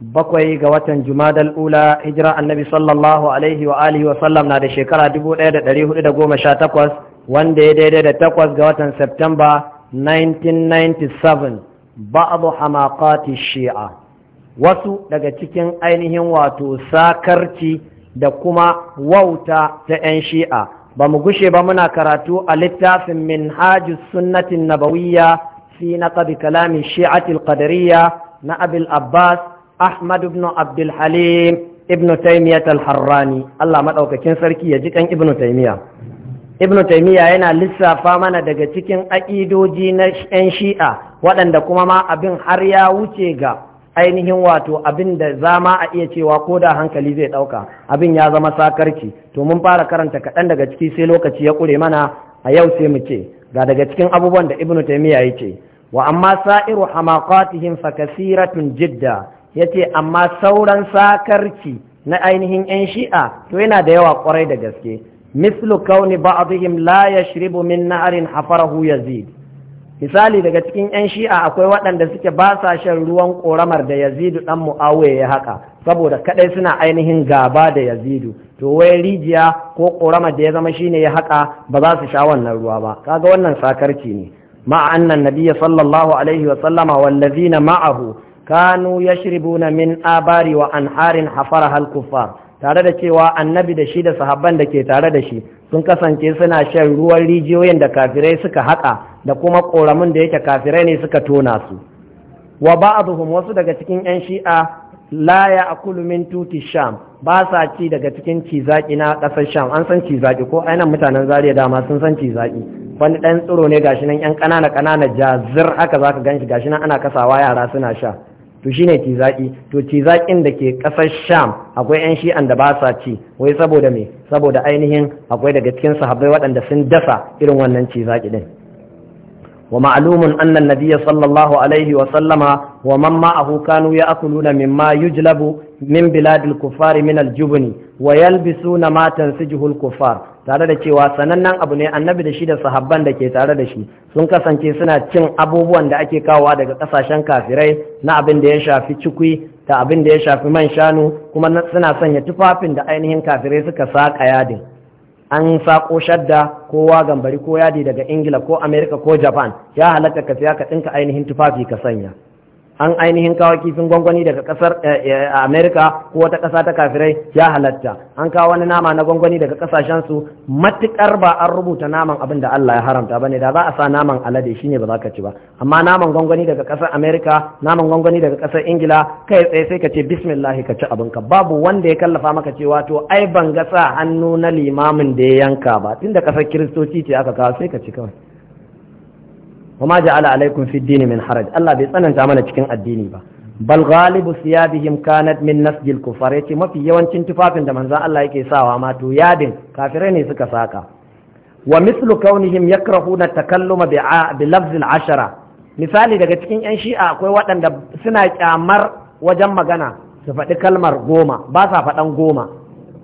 bakwai ga watan jumadal ula hijira annabi sallallahu alaihi wa alihi wa sallam na da shekara 1418 wanda ya daidai da takwas ga watan septemba 1997 ba'adu hamakati shi'a wasu daga cikin ainihin wato sakarci da kuma wauta ta 'yan shi'a ba mu gushe ba muna karatu a littafin minhajus sunnatin nabawiyya fi kalamin kalami shi'atil qadariyya na abil abbas Ahmad ibn Abdul Halim ibn Taymiyyah al-Harrani Allah madaukakin sarki ya ji kan ibn Taymiyyah ibn Taymiyyah yana lissafa mana daga cikin aqidoji na ƴan Shi'a waɗanda kuma ma abin har ya wuce ga ainihin wato abin da zama a iya cewa ko da hankali zai ɗauka abin ya zama sakarci to mun fara karanta kaɗan daga ciki sai lokaci ya ƙure mana a yau sai mu ce ga daga cikin abubuwan da ibnu taymiya ya ce wa amma sa'iru hamaqatihim fa kasiratun jidda ya ce amma sauran sakarci na ainihin 'yan shi'a to yana da yawa kwarai da gaske mislu kauni ba'dihim la yashribu min na'arin hafarahu yazid misali daga cikin 'yan shi'a akwai waɗanda suke ba sa shan ruwan ƙoramar da yazidu ɗan mu'awiya ya haka saboda kaɗai suna ainihin gaba da yazidu to wai rijiya ko ƙoramar da ya zama shine ya haka ba za su sha wannan ruwa ba kaga wannan sakarci ne ma'a annan nabiyya sallallahu alaihi wa sallama wallazina ma'ahu kanu na min abari wa anharin harin al-kuffar tare da cewa annabi da shi da sahabban da ke tare da shi sun kasance suna shan ruwan rijiyoyin da kafirai suka haƙa da kuma ƙoramin da yake kafirai ne suka tona su wa ba'dhum wasu daga cikin 'yan shi'a laya a kulumin tuti sham ba sa ci daga cikin cizaki na ƙasar sham an san cizaki ko ainihin mutanen zariya dama sun san cizaki wani ɗan tsiro ne gashi nan 'yan ƙanana ƙanana jazir haka zaka ganshi gashi ana kasawa yara suna sha to shine tizaki to tizakin da ke kasar sham akwai yan shi'an da ba sa ci wai saboda me saboda ainihin akwai daga cikin sahabbai waɗanda sun dasa irin wannan tizaki din wa ma'lumun Annan an sallallahu alaihi wa sallama wa man ma'ahu kanu ya'kuluna mimma yujlabu min biladil kufari min aljubni wa yalbisuna ma tansijul kufar tare da cewa sanannen abu ne annabi da shi da sahabban da ke tare da shi sun kasance suna cin abubuwan da ake kawowa daga kasashen kafirai na abin da ya shafi cikwi da abin da ya shafi man shanu kuma suna sanya tufafin da ainihin kafirai suka saka yadin an sako shadda kowa gambari ko yadi daga ingila ko amerika ko japan ya halatta ka siya ka ɗinka ainihin tufafi ka sanya an ainihin kawo kifin gwangwani daga kasar eh, eh, Amerika ko wata kasa ta kafirai ya halatta an kawo wani nama na gwangwani daga kasashen su matukar ba an rubuta naman abin da Allah ya haramta bane da za a sa naman alade shine ba za ka ci ba amma naman gwangwani daga kasar Amerika naman gwangwani daga kasar Ingila kai tsaye sai ka ce bismillah ka ci abinka babu wanda ya kallafa maka cewa to ai ban ga sa hannu na limamin da ya yanka ba tunda kasar kiristoci ce aka kawo sai ka ci kawai wa ma ja'ala alaikum fi min haraj Allah bai tsananta mana cikin addini ba bal ghalibu siyabihim kanat min nasjil kufar yace mafi yawancin tufafin da manzon Allah yake sawa ma to yadin kafirai ne suka saka wa mislu kaunihim yakrahuna takalluma bi bi lafzil ashara misali daga cikin yan shi'a akwai waɗanda suna kyamar wajen magana su faɗi kalmar goma ba sa faɗan goma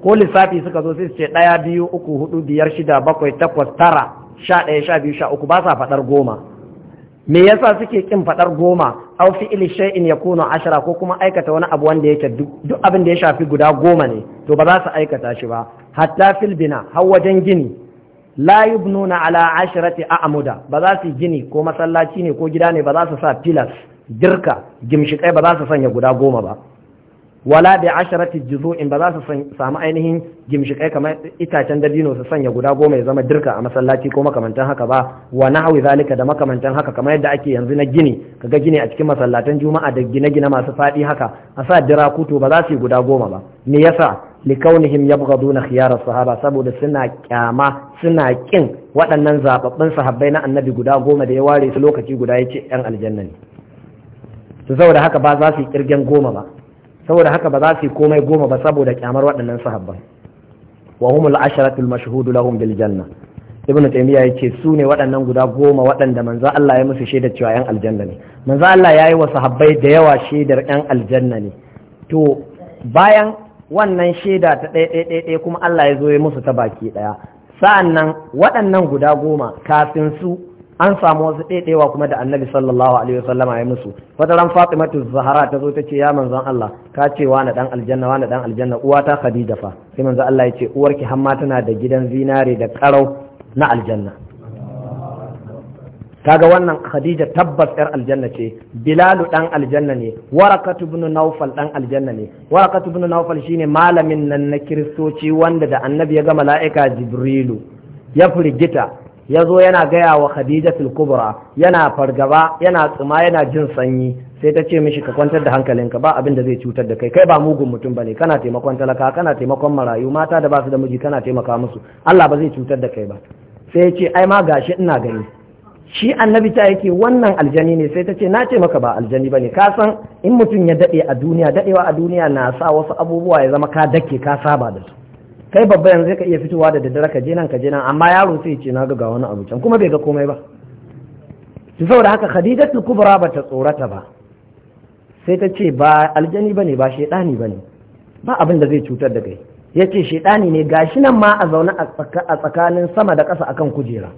ko lissafi suka zo sai su ce ɗaya biyu uku hudu biyar shida bakwai takwas tara sha ɗaya sha biyu sha uku ba sa faɗar goma me yasa suke kin fadar goma aw fi'li shay'in yakunu ashara ko kuma aikata wani abu wanda yake duk abin da ya shafi guda goma ne to ba za su aikata shi ba hatta fil bina har wajen gini la yubnuna ala ashrati a'muda ba za su gini ko masallaci ne ko gida ne ba za su sa pillars girka gimshikai ba za su sanya guda goma ba wala bi asharati juzu'in ba za su samu ainihin gimshikai kamar itacen dabino su sanya guda goma ya zama dirka a masallaci ko makamantan haka ba wa nahwi zalika da makamantan haka kamar yadda ake yanzu na gini kaga gini a cikin masallatan juma'a da gine-gine masu fadi haka a sa dira kuto ba za su yi guda goma ba me yasa kaunihim yabghaduna khiyar sahaba saboda suna kyama suna kin waɗannan zababbin sahabbai na annabi guda goma da ya ware su lokaci guda yace yan aljanna ne to saboda haka ba za su yi kirgen goma ba saboda haka ba za su yi komai goma ba saboda kyamar waɗannan sahabban wa humul asharatul mashhudu lahum bil janna ibnu taymiya yace su ne waɗannan guda goma waɗanda manzo Allah ya musu shaidar cewa yan aljanna ne manzo Allah ya yi wa sahabbai da yawa shaidar yan aljanna ne to bayan wannan shaida ta ɗaya ɗaya ɗaya kuma Allah ya zo ya musu ta baki ɗaya sa'annan waɗannan guda goma kafin su an samu wasu ɗaiɗewa kuma da annabi sallallahu alaihi wasallam ya musu wata ran fatimatu zahara ta zo ta ce ya manzon Allah ka ce wa na dan aljanna wa na dan aljanna uwata khadija fa sai manzon Allah ya ce uwarki hamma tana da gidan zinare da karau na aljanna kaga wannan khadija tabbas yar aljanna ce bilalu dan aljanna ne warakatu ibn naufal dan aljanna ne warakatu ibn naufal shine malamin nan na kiristoci wanda da annabi ya ga mala'ika jibrilu ya firgita ya zo yana gaya wa khadija kubra yana fargaba yana tsuma yana jin sanyi sai ta ce mishi ka kwantar da hankalinka ba abin da zai cutar da kai kai ba mugun mutum bane kana taimakon talaka kana taimakon marayu mata da basu da miji kana taimaka musu Allah ba zai cutar da kai ba sai ya ce ai ma gashi ina gani shi annabi ta yake wannan aljani ne sai ta ce na ce maka ba aljani bane ka san in mutum ya dade a duniya dadewa a duniya na sa wasu abubuwa ya zama ka dake ka saba da su kai babba yanzu sai ka iya fitowa da daddare ka je nan ka je nan amma yaro sai ce na ga wani abu can kuma bai ga komai ba to saboda haka khadijatul kubra ta tsorata ba sai ta ce ba aljani bane ba shedani bane ba abin da zai cutar da kai yace shedani ne gashi nan ma a zaune a tsakanin sama da ƙasa akan kujera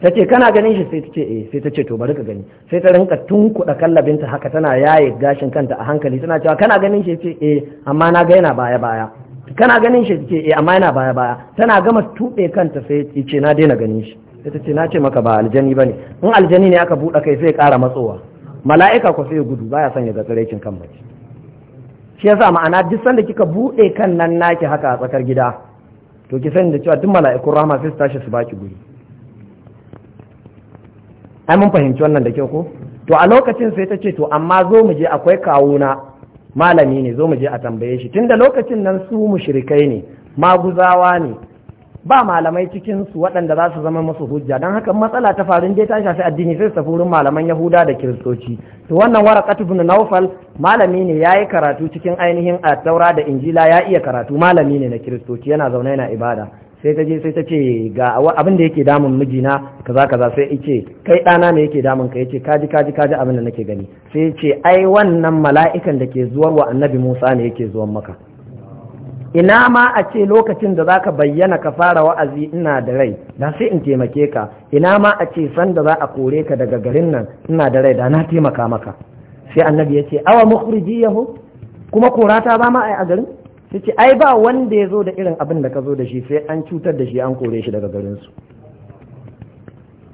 ta ce kana ganin shi sai ta ce eh sai ta ce to bari ka gani sai ta rinka tunkuɗa kallabinta haka tana yaye gashin kanta a hankali tana cewa kana ganin shi ce eh amma na ga yana baya baya kana ganin shi ke eh amma yana baya baya tana gama tuɓe kanta sai ya ce na daina ganin shi sai ta ce na ce maka ba aljani bane in aljani ne aka buɗe kai sai ya ƙara matsowa mala'ika ko sai ya gudu baya son ya ga tsiraicin kan mace shi yasa ma'ana duk sanda kika buɗe kan nan naki haka a tsakar gida to ki sani da cewa duk mala'ikun rahama sai su tashi su baki guri ai mun fahimci wannan da kyau ko to a lokacin sai ta ce to amma zo mu je akwai kawuna malami ne zo mu je a tambaye shi tunda lokacin nan su mushrikai ne maguzawa ne ba malamai cikin su waɗanda za su zama musu hujja don haka matsala ta farin dai ta shafi addini sai tafi wurin malaman yahuda da kiristoci to wannan waraqat ibn naufal malami ne yayi karatu cikin ainihin at-taura da injila ya iya karatu malami ne na kiristoci yana zaune yana ibada sai ta je sai ta ce ga abin da yake damun mijina kaza kaza sai ce kai ɗana ne yake damun ka yace kaji kaji kaji abin da nake gani sai ce ai wannan mala'ikan da ke zuwar wa annabi Musa ne yake zuwan maka ina ma a ce lokacin da zaka bayyana ka fara wa'azi ina da rai da sai in taimake ka ina ma a ce san za a kore ka daga garin nan ina da rai da na taimaka maka sai annabi ya ce awa mukhrijiyahu kuma korata ba ma ai a garin ta ce ai ba wanda ya zo da irin abin da ka zo da shi sai an cutar da shi an kore shi daga garinsu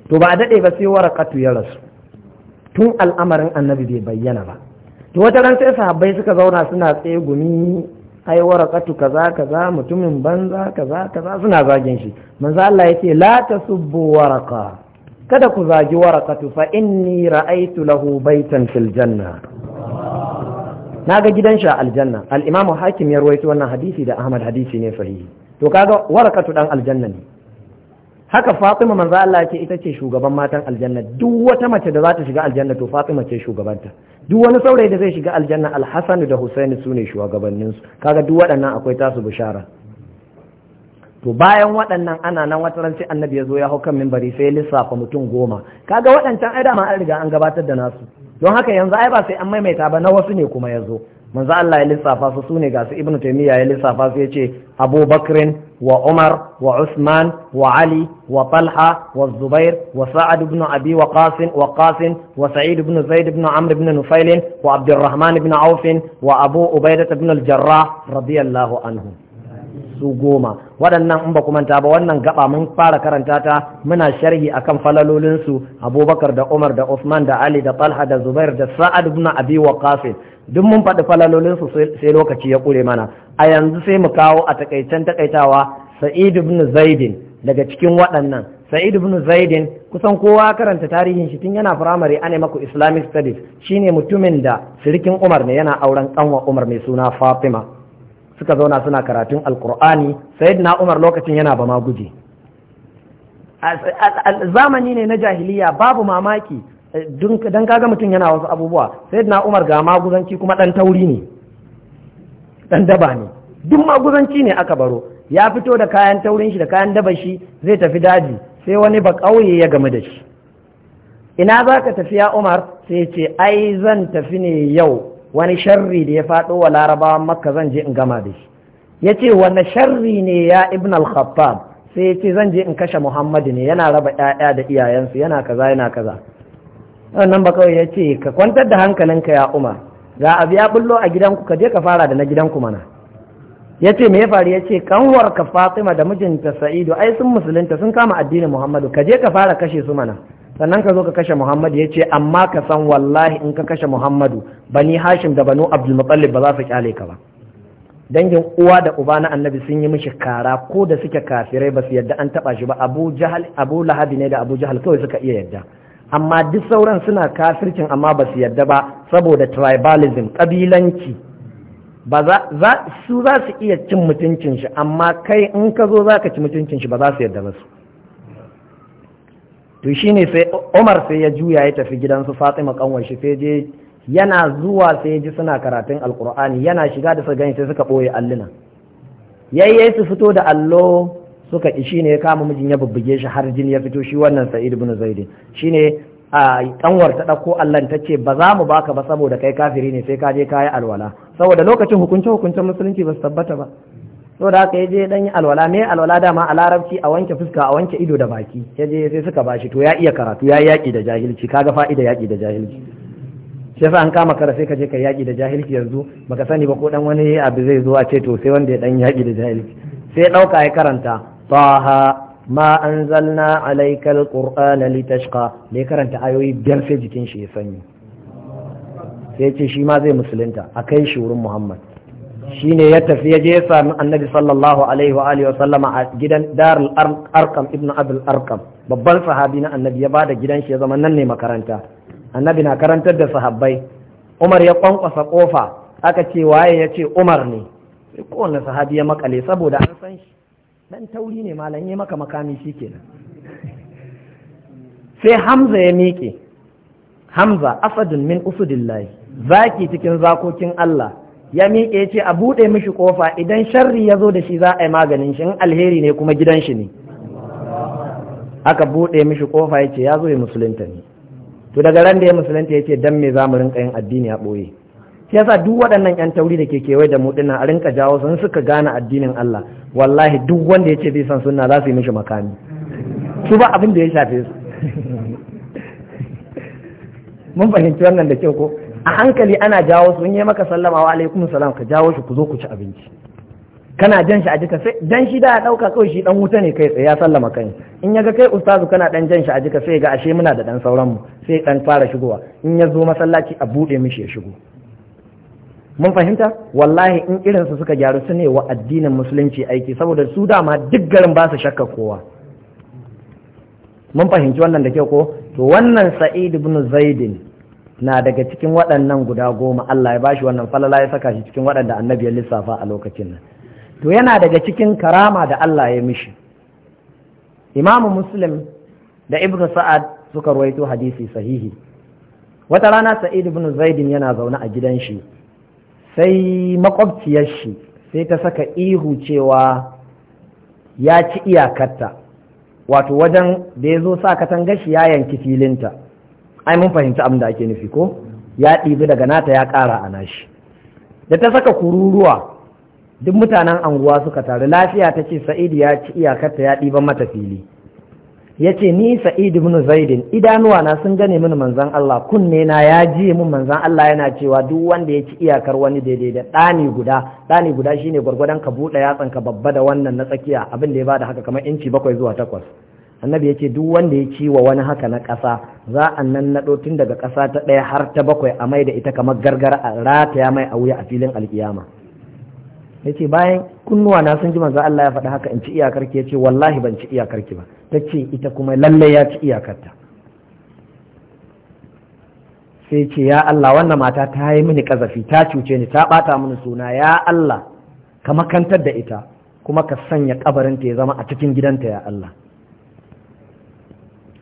to ba a daɗe ba sai warakatu ya rasu tun al'amarin annabi bai bayyana ba to wata ran sai sahabbai suka zauna suna tsaye gumi ai warakatu kaza kaza mutumin banza kaza kaza suna zagin shi manzo Allah yake la tasubbu waraka kada ku zagi warakatu fa inni ra'aytu lahu baitan fil janna na ga gidan shi a aljanna al-imamu hakim ya rawaito wannan hadisi da ahmad hadisi ne sahihi to kaga warakatu dan aljanna ne haka fatima manzo Allah ce ita ce shugaban matan aljanna duk wata mace da za ta shiga aljanna to fatima ce shugabanta duk wani saurayi da zai shiga aljanna al-hasan da husaini su ne shugabannin su kaga duk waɗannan akwai tasu bishara to bayan waɗannan ana nan wata ran sai annabi ya zo ya hau kan minbari sai ya lissafa mutum goma kaga waɗancan ai ma an riga an gabatar da nasu don haka yanzu ai ba sai an maimaita ba na wasu ne kuma yazo zo manzo Allah ya lissafa su su ne ga su ibnu taymiya ya lissafa su yace Abu Bakrin wa Umar wa Usman wa Ali wa Talha wa Zubair wa Sa'ad ibn Abi qasim wa Qasim wa Sa'id ibn Zaid ibn Amr ibn Nufail wa Abdurrahman ibn Auf wa Abu Ubaidah ibn al-Jarrah radiyallahu anhu su goma waɗannan in ba ku manta ba wannan gaba mun fara karanta ta muna sharhi akan falalolinsu abubakar da umar da usman da ali da talha da zubair da sa'ad ibn abi waqas duk mun faɗi falalolinsu sai lokaci ya ƙure mana a yanzu sai mu kawo a takaicen takaitawa sa'id ibn zaidin daga cikin waɗannan sa'id ibn zaidin kusan kowa karanta tarihin shi tun yana firamare ana maku islamic studies shine mutumin da sirikin umar ne yana auren kanwa umar mai suna fatima suka zauna suna karatun alkur'ani na umar lokacin yana ba ma guje zamani ne na jahiliya babu mamaki eh, don kaga mutum yana wasu abubuwa na umar ga maguzanci kuma dan tauri ne dan daba ne duk maguzanci ne aka baro ya fito da kayan taurin shi da kayan daba shi zai tafi daji sai wani ba kauye ya game da shi ina za ka tafiya umar sai ce ai zan tafi ne yau wani sharri da ya faɗo wa larabawan makka zan je in gama da shi ya ce wani sharri ne ya ibn al-khattab sai ya ce zan je in kashe muhammadu ne yana raba 'ya'ya da iyayensu yana kaza yana kaza wannan ba kawai ya ce ka kwantar da hankalinka ya umar ga abu ya bullo a gidanku ka je ka fara da na gidanku mana ya ce me ya faru ya ce kanwar ka fatima da mijinta sa'idu ai sun musulunta sun kama addinin muhammadu ka je ka fara kashe su mana sannan ka zo ka kashe Muhammad ya ce amma ka san wallahi in ka kashe Muhammadu bani Hashim da banu Abdul Muttalib ba za su kyale ka ba dangin uwa da uba na annabi sun yi mishi kara ko da suke kafirai ba su yadda an taba shi ba Abu Jahal Abu Lahab ne da Abu Jahal kawai suka iya yadda amma duk sauran suna kafircin amma ba su yadda ba saboda tribalism kabilanci ba za su za su iya cin mutuncin shi amma kai in ka zo za ka ci mutuncin shi ba za su yadda ba su to shine sai Umar sai ya juya ya tafi gidansu Fatima kanwar shi sai je yana zuwa sai ya ji suna karatun alkur'ani yana shiga da gani sai suka ɓoye alluna yayye su fito da allo suka ishi ne ya kama mijin ya bubbuge shi har jini ya fito shi wannan sa'id ibn zaid shine a kanwar ta ɗauko allan ta ce ba za mu baka ba saboda kai kafiri ne sai ka je kayi alwala saboda lokacin hukunce hukuncen musulunci ba su tabbata ba ka yi je dan yi alwala me alwala dama a larabci a wanke fuska a wanke ido da baki yaje sai suka bashi to ya iya karatu ya yaki da jahilci ga fa'ida yaki da jahilci shi yasa an kama kara sai ka je ka yaki da jahilci yanzu baka sani ba ko dan wani abu zai zo a ce to sai wanda ya dan yaki da jahilci sai dauka ya karanta taha ma anzalna alaykal alqur'ana litashqa da ya karanta ayoyi biyar sai jikin shi ya sanyi sai ce shi ma zai musulunta a kai shi wurin muhammad Shi ne ya tafi ya je ya sami annabi sallallahu alaihi wa wa sallama a gidan darul arkam ibn abul arkam babban sahabi na annabi ya bada gidan shi ya zama nan ne makaranta annabi na karantar da sahabbai umar ya kwankwasa kofa aka ce waye ya ce umar ne kowane sahabi ya makale saboda an san shi dan tauri ne malam maka makami shikenan sai hamza ya miƙe hamza asadun min usudillahi zaki cikin zakokin Allah ya miƙe ce a buɗe mishi ƙofa, idan sharri ya zo da shi za a yi maganin shi in alheri ne kuma gidan shi ne aka buɗe mishi ƙofa ya ce ya zo ya musulunta ne to daga ran da ya musulunta ya ce dan me za mu rinka yin addini a ɓoye shi yasa duk waɗannan yan tauri da ke kewaye da mu dinnan a rinka jawo sun suka gane addinin Allah wallahi duk wanda ya ce zai san sunna za su yi mishi makami su ba abin da ya shafe su mun fahimci wannan da kyau ko a hankali ana jawo su in yi maka sallama wa alaikum salam ka jawo shi ku zo ku ci abinci kana jan shi a jika sai dan shi da ya dauka kawai shi dan wuta ne kai tsaye ya sallama kai in ya ga kai ustazu kana dan jan shi a jika sai ga ashe muna da dan sauran mu sai dan fara shigowa in ya zo masallaci a bude mishi ya shigo mun fahimta wallahi in irin su suka gyaru su ne wa addinin musulunci aiki saboda su dama duk garin ba su shakka kowa mun fahimci wannan da kyau ko to wannan sa'id ibn zaidin na daga cikin waɗannan guda goma Allah ya bashi wannan falala ya saka shi cikin waɗanda annabi ya lissafa a lokacin nan to yana daga cikin karama da Allah ya mishi imamu muslim da ibnu sa'ad suka ruwaito hadisi sahihi wata rana sa'id ibn zaidin yana zaune a gidan shi sai makwabciyar shi sai ta saka ihu cewa ya ci iyakarta wato wajen da ya zo sa shi ya yanki filinta ai mun fahimci abin da ake nufi ko ya ɗibi daga nata ya ƙara a nashi da ta saka kururuwa duk mutanen anguwa suka taru lafiya ta ce sa'idu ya ci iyakarta ya ɗiban mata fili ya ce ni Sa'idu ibn zaidin idanuwa na sun gane mini manzan Allah kunne na ya ji min manzan Allah yana cewa duk wanda ya ci iyakar wani daidai da ɗani guda ɗani guda shine gwargwadon ka buɗe yatsan ka babba da wannan na tsakiya abin da ya bada haka kamar inci bakwai zuwa takwas annabi ya ce duk wanda ya ci wa wani haka na ƙasa za a nan nado tun daga ƙasa ta ɗaya har ta bakwai a mai da ita kamar gargara a ya mai a wuya a filin alkiyama ya ce bayan kunnuwa na sun ji manzo Allah ya faɗi haka in ci iyakarki ya ce wallahi ban ci iyakarki ba ta ce ita kuma lalle ya ci iyakarta sai ce ya Allah wannan mata ta yi mini kazafi ta cuce ni ta ɓata mini suna ya Allah ka makantar da ita kuma ka sanya kabarinta ya zama a cikin gidanta ya Allah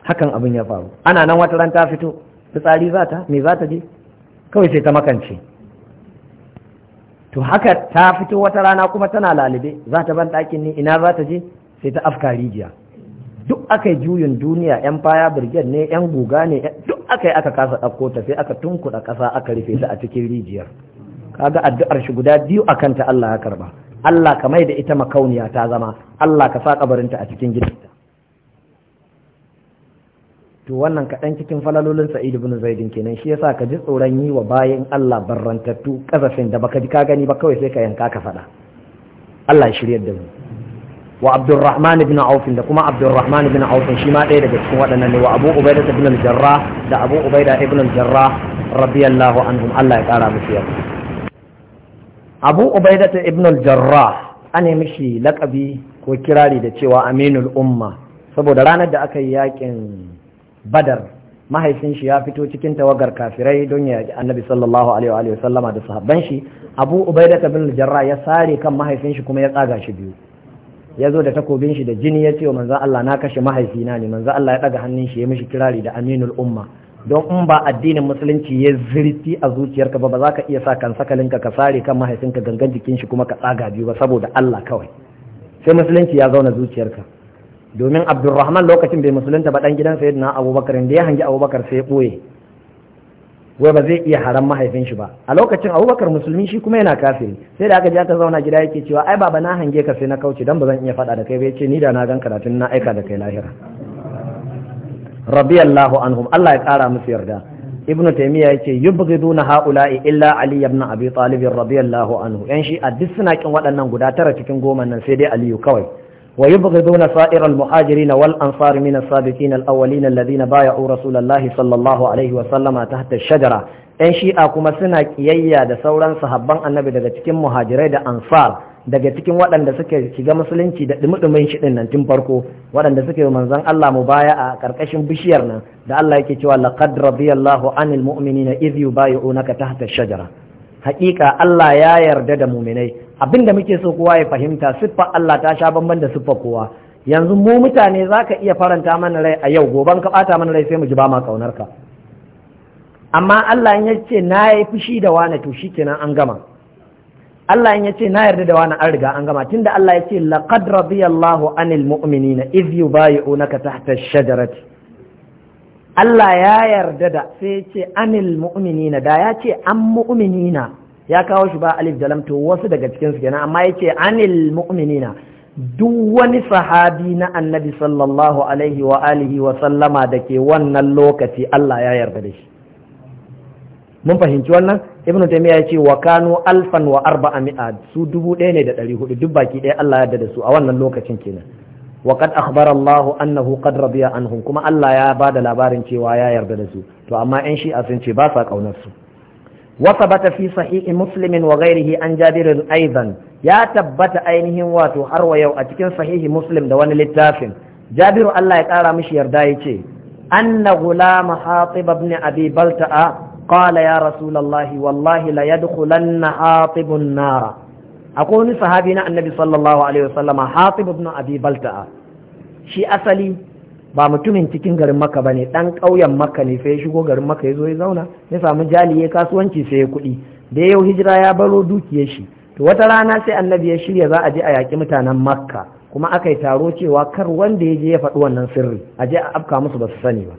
hakan abin ya faru ana nan wata ran ta fito fitsari za ta me za ta je kawai sai ta makance to haka ta fito wata rana kuma tana lalube za ta ban ɗakin ne ina za ta je sai ta afka rijiya duk aka yi juyin duniya yan faya birgen ne yan guga ne duk aka yi aka kasa ɗauko ta sai aka tunkuɗa ƙasa aka rufe ta a cikin rijiyar kaga addu'ar shi guda biyu a ta Allah ya karba Allah ka mai da ita makauniya ta zama Allah ka sa kabarinta a cikin gidanta to wannan kaɗan cikin falalolin sa'id ibn zaidin kenan shi yasa ka ji tsoron yi wa bayan Allah barrantattu kazafin da baka ji ka gani ba kawai sai ka yanka ka faɗa Allah ya shiryar da mu wa Abdurrahman ibn Auf da kuma Abdurrahman ibn Auf shi ma ɗaya daga cikin waɗannan ne wa Abu Ubaida ibn al-Jarrah da Abu Ubaida ibn al-Jarrah radiyallahu anhum Allah ya ƙara musu yabo Abu Ubaida ibn al-Jarrah an mishi laƙabi ko kirari da cewa Aminul Umma saboda ranar da aka yi yakin badar mahaifin shi ya fito cikin tawagar kafirai don ya ji annabi sallallahu alaihi wa sallama da sahabban shi abu ubaida ta bin jarra ya sare kan mahaifin shi kuma ya tsaga shi biyu ya zo da takobin shi da jini ya ce wa manzan Allah na kashe mahaifi na ne manzan Allah ya daga hannun shi ya mishi kirari da aminul umma don in ba addinin musulunci ya zirti a zuciyarka ba ba za ka iya sa kan sakalinka ka sare kan mahaifinka gangan jikin shi kuma ka tsaga biyu ba saboda Allah kawai sai musulunci ya zauna zuciyarka domin Abdulrahman lokacin bai musulunta ba dan gidan na abubakar da ya hangi abubakar sai ɓoye wai ba zai iya haram mahaifin shi ba a lokacin abubakar musulmi shi kuma yana kafiri sai da aka ji aka zauna gida yake cewa ai baba na hange ka sai na kauce dan ba zan iya faɗa da kai ba ce ni da na gan karatun na aika da kai lahira radiyallahu anhum Allah ya kara musu yarda ibnu taymiya yace yubghiduna haula'i illa ali ibn abi talib radiyallahu anhu yan shi a duk suna kin waɗannan guda tara cikin goma nan sai dai aliyu kawai ويبغضون سائر المهاجرين والأنصار من السابقين الأولين الذين بايعوا رسول الله صلى الله عليه وسلم تحت الشجرة ‘yan shi'a kuma suna kiyayya da sauran sahabban annabi daga cikin muhajirai da ansar daga cikin waɗanda suke shiga musulunci da ɗumi-ɗumin shi nan tun farko waɗanda suke manzon Allah mu baya a ƙarƙashin bishiyar nan da Allah yake cewa laqad radiyallahu anil mu'minina idh yubayi'unaka tahta shajara haƙiƙa Allah ya yarda da muminai abin da muke so kowa ya fahimta siffa Allah ta sha bamban da siffa kowa yanzu mu mutane za ka iya faranta mana rai a yau goban ka ɓata mana rai sai mu ji ba ma ƙaunarka. ka amma Allah ya ce na yi fushi da wani to shikenan an gama Allah ya ce na yarda da wani an riga an gama tunda Allah ya ce laqad radiyallahu anil mu'minina iz yubayi'unaka tahta ash-shajarati Allah ya yarda da sai ya ce anil mu'minina da ya ce an mu'minina ya kawo shi ba alif da lamto wasu daga cikin su kenan amma yace anil mu'minina duk wani sahabi na annabi sallallahu alaihi wa alihi wa sallama da ke wannan lokaci Allah ya yarda da shi mun fahimci wannan ibnu taymiya ya ce wa kanu alfan wa arba'a mi'a su dubu ɗaya ne da ɗari hudu duk baki ɗaya Allah ya yarda da su a wannan lokacin kenan wa qad akhbara Allah annahu qad radiya anhum kuma Allah ya bada labarin cewa ya yarda da su to amma ƴan shi'a sun ce ba sa kaunar su وثبت في صحيح مسلم وغيره عن جابر أيضا يا تبت أينهم واتو أروى يو أتكن صحيح مسلم دوان للتافن جابر الله يتعالى مش يردايتي أن غلام حاطب بن أبي بلتأ قال يا رسول الله والله لا يدخلن حاطب النار أقول صحابينا النبي صلى الله عليه وسلم حاطب بن أبي بلتأ شي أصلي ba mutumin cikin garin maka ba ne ɗan ƙauyen maka ne sai ya shigo garin maka ya zo ya zauna ya samu jali kasuwanci sai ya kuɗi da yau hijira ya baro dukiyar shi to wata rana sai annabi ya shirya za a je a yaƙi mutanen makka kuma aka yi taro cewa kar wanda ya je ya faɗi wannan sirri a je a afka musu ba su sani ba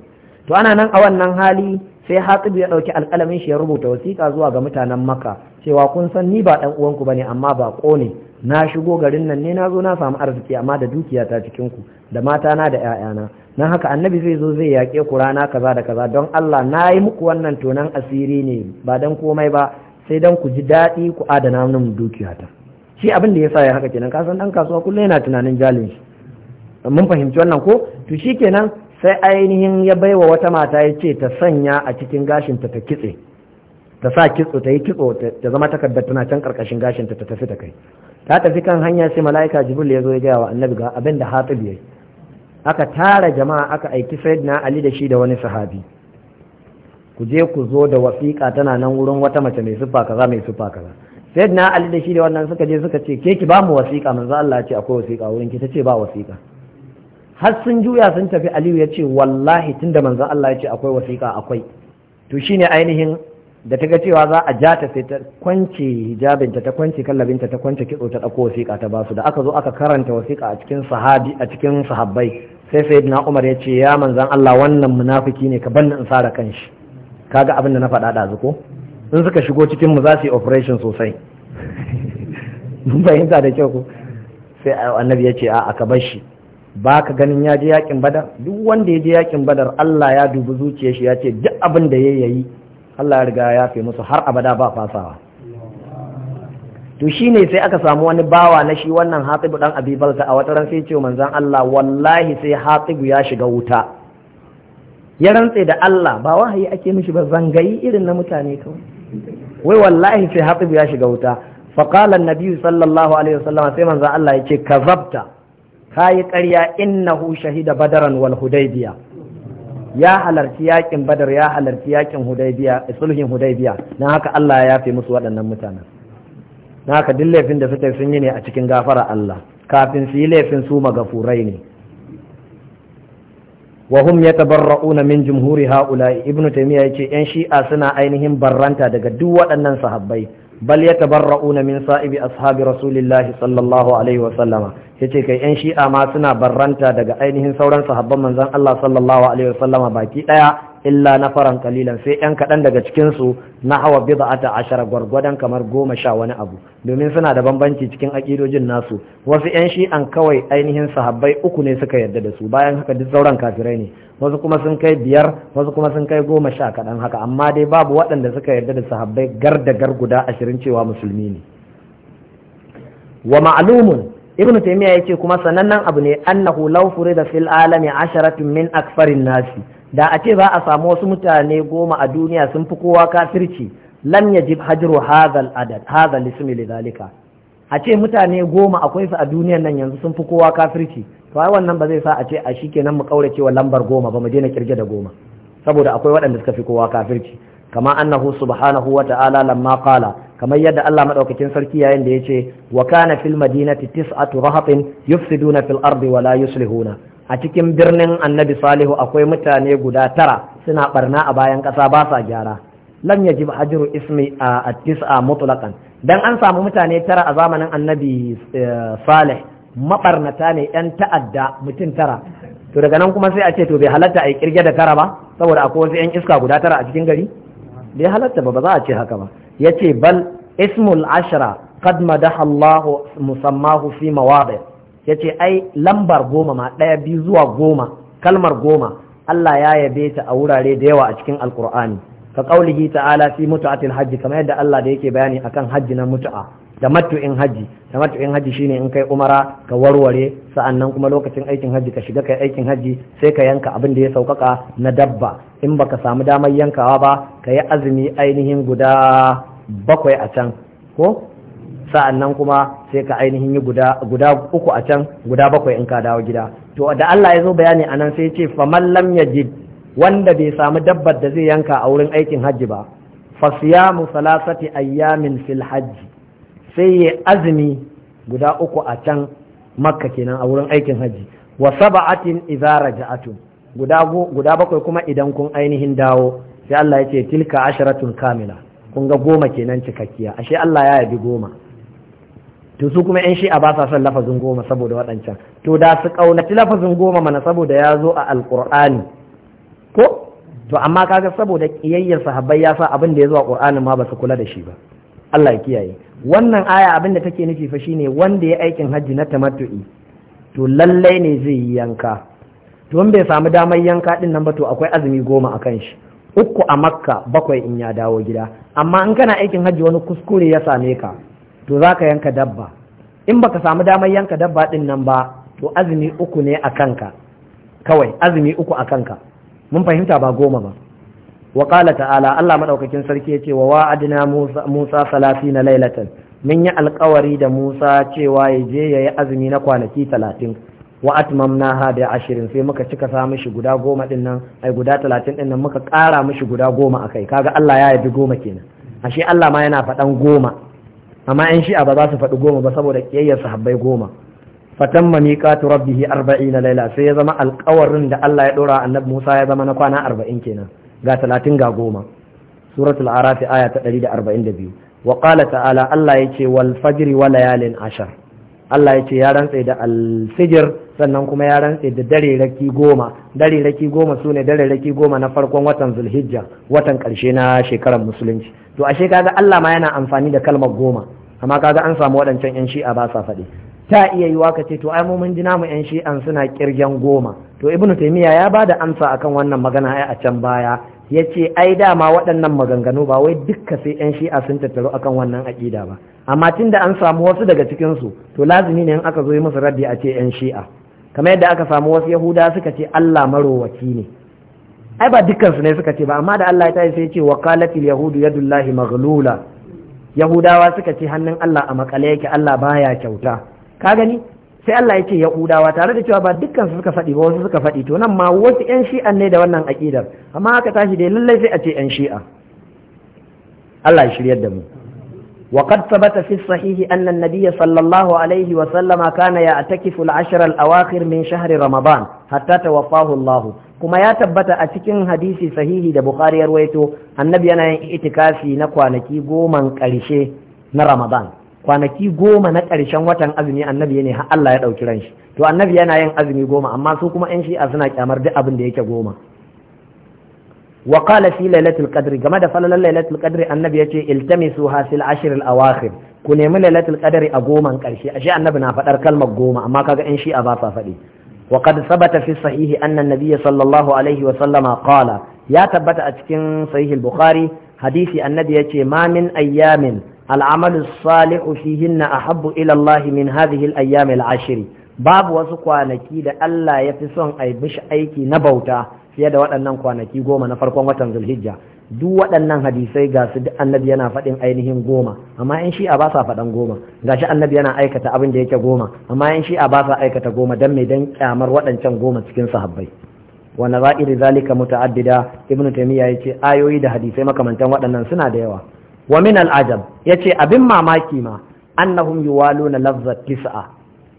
to ana nan a wannan hali sai hatsib ya ɗauki alƙalamin shi ya rubuta wasiƙa zuwa ga mutanen Makka. cewa kun san ni ba ɗan uwanku ba ne amma ba ne na shigo garin nan ne na zo na samu arziki amma da dukiyata cikinku da matana da 'ya'yana nan haka annabi zai zo zai yaƙe ku rana kaza da kaza don Allah na yi muku wannan tonan asiri ne ba don komai ba sai don ku ji daɗi ku adana min ta. shi abin da ya sa ya haka kenan kasan ɗan kasuwa kullum yana tunanin jalin shi mun fahimci wannan ko to shi kenan sai ainihin ya baiwa wata mata ya ce ta sanya a cikin gashinta ta kitse ta sa kitso ta yi kitso ta zama takardar tana can karkashin gashinta ta tafi ta kai ta tafi kan hanya sai mala'ika jibril ya zo ya gaya wa annabi ga abin da ya yayi aka tara jama'a aka aiki sayyidina ali da shi da wani sahabi ku je ku zo da wasiƙa tana nan wurin wata mace mai sufa kaza mai sufa kaza sayyidina ali da shi da wannan suka je suka ce ke ki ba mu wasiƙa manzo Allah ya ce akwai wasiƙa wurin ki tace ba wasiƙa har sun juya sun tafi aliyu ya ce wallahi tunda manzo Allah ya ce akwai wasiƙa akwai to shine ainihin da ta ga cewa za a ja ta sai ta kwance hijabinta ta kwance kallabinta ta kwance kitso ta ɗauko wasiƙa ta basu da aka zo aka karanta wasiƙa a cikin sahabi a cikin sahabbai sai na umar ya ce ya manzan Allah wannan munafiki ne ka banna in sara kanshi kaga abin da na faɗa da ko in suka shigo cikin mu za su yi operation sosai mun fahimta da kyau ko sai annabi ya ce a ka bar shi ba ganin ya je yakin badar duk wanda ya je yakin badar Allah ya dubi zuciyar shi ya ce duk abin da ya yayi Allah ya riga ya fi musu har abada ba fasawa to shi ne sai aka samu wani bawa na shi wannan Hatsibu ɗan Abibalta a wata ran sai ce manzon Allah wallahi sai Hatsibu ya shiga wuta ya rantse da Allah ba wahayi ake mishi ba zangayi irin na mutane kawai wai wallahi sai Hatsibu ya shiga wuta fa qala an-nabi sallallahu alaihi wasallam sai manzan Allah ya ce kazabta kayi ƙarya innahu shahida badaran wal hudaybiya ya halarci yakin badar ya halarci yakin hudaybiya sulhin hudaybiya dan haka Allah ya yafe musu waɗannan mutanen na haka duk laifin da suka sun yi ne a cikin gafara Allah kafin su yi laifin su magafurai ne wa hum yatabarra'una min jumhuri haula'i ibnu taymiya yace yan shi'a suna ainihin barranta daga duk waɗannan sahabbai bal yatabarra'una min sa'ibi ashabi rasulillahi sallallahu alaihi wa sallama yace kai yan shi'a ma suna barranta daga ainihin sauran sahabban manzon Allah sallallahu alaihi wa sallama baki daya illa na faran kalilan sai yan kaɗan daga cikinsu na hawa bi ta ashara gwargwadon kamar goma sha wani abu domin suna da bambanci cikin akidojin nasu wasu yan shi'an kawai ainihin sahabbai uku ne suka yarda da su bayan haka duk sauran kafirai ne wasu kuma sun kai biyar wasu kuma sun kai goma sha kaɗan haka amma dai babu waɗanda suka yarda da sahabbai gar da gar guda ashirin cewa musulmi ne wa ma'lumun ibn taymiya yace kuma sanannen abu ne annahu law furida fil alami asharatun min akfarin nasi da a ce ba a samu wasu mutane goma a duniya sun fi kowa kafirci lam yajib hajru hadhal adad hadhal ismi lidhalika a ce mutane goma akwai su a duniyar nan yanzu sun fi kowa kafirci to ai wannan ba zai sa a ce a shikenan mu kaura cewa lambar goma ba mu daina kirge da goma saboda akwai waɗanda suka fi kowa kafirci kama annahu subhanahu wa ta'ala lamma qala kamar yadda Allah madaukakin sarki yayin da yace wa kana fil madinati tis'atu rahatin yufsiduna fil ardi wa la yuslihuna a cikin birnin annabi salihu akwai mutane guda tara suna barna a bayan ƙasa ba sa gyara lam yajib ajru ismi a tis'a mutlaqan dan an samu mutane tara a zamanin annabi eh, salih mabarnata ne yan ta'adda mutum tara to daga nan kuma sai a ce to bai halatta a yi kirge da tara ba saboda akwai wasu yan iska guda tara a cikin gari bai halatta ba ba za a ce haka ba yace bal ismul ashra qad madaha Allah musammahu fi mawadi' ya ce ai lambar goma ma ɗaya biyu zuwa goma kalmar goma Allah ya yabe ta a wurare da yawa a cikin alkur'ani ka ƙaulihi ta'ala fi mutu'atil hajji kamar yadda Allah da yake bayani akan hajji na mutu'a da matu'in hajji da matu'in hajji shine in kai umara ka warware sa'annan kuma lokacin aikin hajji ka shiga kai aikin hajji sai ka yanka abin da ya saukaka na dabba in baka samu damar yankawa ba ka yi azumi ainihin guda bakwai a can ko Sa'an nan kuma sai ka ainihin yi guda guda uku a can guda bakwai in ka dawo gida to da Allah ya zo bayani a nan sai ya ce mallam ya ji wanda bai samu dabbar da zai yanka a wurin aikin hajji ba Fasiya mu salasati ayyamin fil hajji sai ya azumi guda uku a can makka kenan a wurin aikin hajji wa saba'atin idza raja'atum guda guda bakwai kuma idan kun ainihin dawo sai Allah ya ce tilka asharatun kamila kun ga goma kenan cikakkiya ashe Allah ya yabi goma to su kuma yan shi'a ba sa son lafazin goma saboda waɗancan to da su ƙaunaci lafazin goma mana saboda ya zo a alƙur'ani ko to amma kaga saboda ƙiyayyar sahabbai ya sa abin da ya zo a ƙur'anin ma ba su kula da shi ba Allah ya kiyaye wannan aya abin da take nufi fa shine wanda ya aikin hajji na tamattu'i to lallai ne zai yi yanka to bai samu damar yanka din nan ba to akwai azumi goma akan shi uku a makka bakwai in ya dawo gida amma in kana aikin hajji wani kuskure ya same ka to za ka yanka dabba in baka samu damar yanka dabba din nan ba to azumi uku ne a kanka kawai azumi uku a kanka mun fahimta ba goma ba wa ƙala ta'ala Allah maɗaukakin sarki ya ce wa adina Musa Salafi na lailatan mun yi alkawari da Musa cewa ya je ya yi azumi na kwanaki talatin wa na bi ashirin sai muka cika sa mishi guda goma din nan ai guda talatin din nan muka ƙara mishi guda goma a akai kaga Allah ya yabi goma kenan ashe Allah ma yana faɗan goma amma yan shi'a ba za su faɗi goma ba saboda ƙiyayyar sahabbai goma fatan miqatu rabbihi arba'ina laila sai ya zama alƙawarin da Allah ya ɗora annabi Musa ya zama na kwana arba'in kenan ga talatin ga goma suratul arafi aya ta ɗari da arba'in da biyu wa ta'ala Allah ya ce wal fajri wa layalin ashar Allah ya ce ya rantse da alfijir sannan kuma ya rantse da dare raki goma dare raki goma su ne dare raki goma na farkon watan zulhijja watan ƙarshe na shekarar musulunci to ashe kaga Allah ma yana amfani da kalmar goma amma kaga an samu waɗancan yan shi'a ba sa faɗi ta iya yi waka ce to ai mu mun ji namu yan shi'an suna kirgen goma to ibnu taymiya ya bada amsa akan wannan magana a can baya ya ce ai dama waɗannan maganganu ba wai dukka sai yan shi'a sun tattaru akan wannan aƙida ba amma tun da an samu wasu daga cikin su to lazimi ne in aka zo yi musu raddi a ce yan shi'a kamar yadda aka samu wasu yahuda suka ce Allah marowaci ne ai ba dukkan su ne suka ce ba amma da Allah ya tayi sai ya ce waqalatil yahudu yadullahi Maglula. yahudawa suka ce hannun Allah a makale yake Allah baya kyauta ka gani sai Allah ya ce yahudawa tare da cewa ba dukkan su suka faɗi ba wasu suka faɗi to nan ma wasu yan shi'an ne da wannan aƙidar amma haka tashi dai lallai sai a ce yan shi'a Allah ya shiryar da mu وقد ثبت في الصحيح أن النبي صلى الله عليه وسلم كان يعتكف العشر الأواخر من شهر رمضان حتى توفاه الله kuma ya tabbata a cikin hadisi sahihi da bukhari rawaito annabi yana yin itikafi na kwanaki goma karshe na ramadan kwanaki goma na ƙarshen watan azumi annabi ne har Allah ya ɗauki ranshi to annabi yana yin azumi goma amma su kuma yan shi'a suna kyamar duk abin da yake goma wa qala fi lailatul qadr game da falalan lailatul qadr annabi yace iltamisu hasil ashr al awakhir ku nemi lailatul qadr a goman karshe ashe annabi na faɗar kalmar goma amma kaga yan shi'a ba sa faɗi وقد ثبت في الصحيح أن النبي صلى الله عليه وسلم قال يا تبت أتكن صحيح البخاري حديث النبي يتي ما من أيام العمل الصالح فيهن أحب إلى الله من هذه الأيام العشر باب وسقوانكي دا ألا يفسون أي مش أيكي نبوتا في يد وأنن قوانكي قوما نفرقون وتنزل هجة duk waɗannan hadisai ga su duk annabi yana faɗin ainihin goma amma yan shi'a ba sa faɗan goma ga shi annabi yana aikata abin da yake goma amma yan shi'a ba sa aikata goma dan mai dan kyamar waɗancan goma cikin sahabbai wa nazairi zalika muta'addida ibnu taymiya yace ayoyi da hadisai makamantan waɗannan suna da yawa wa min al-ajab yace abin mamaki ma annahum yuwaluna lafzat tis'a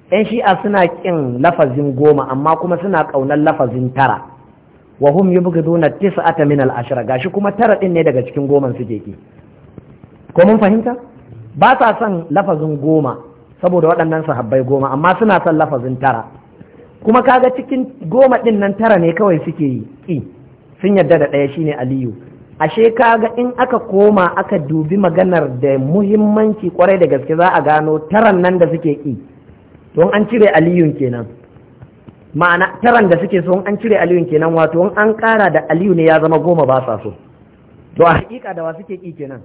yan shi'a suna kin lafazin goma amma kuma suna kaunar lafazin tara wa hum yubghiduna tis'ata min al-ashra gashi kuma tara din ne daga cikin goma suke ki ko mun fahimta ba sa son lafazin goma saboda waɗannan sahabbai goma amma suna son lafazin tara kuma kaga cikin goma din nan tara ne kawai suke yi ki sun yarda da ɗaya shine aliyu ashe kaga in aka koma aka dubi maganar da muhimmanci kwarai da gaske za a gano taran nan da suke ki don an cire aliyun kenan ma'ana taran da suke so an cire aliyun kenan wato an kara da aliyu ne ya zama goma ba sa so to a hakika da wa suke ki kenan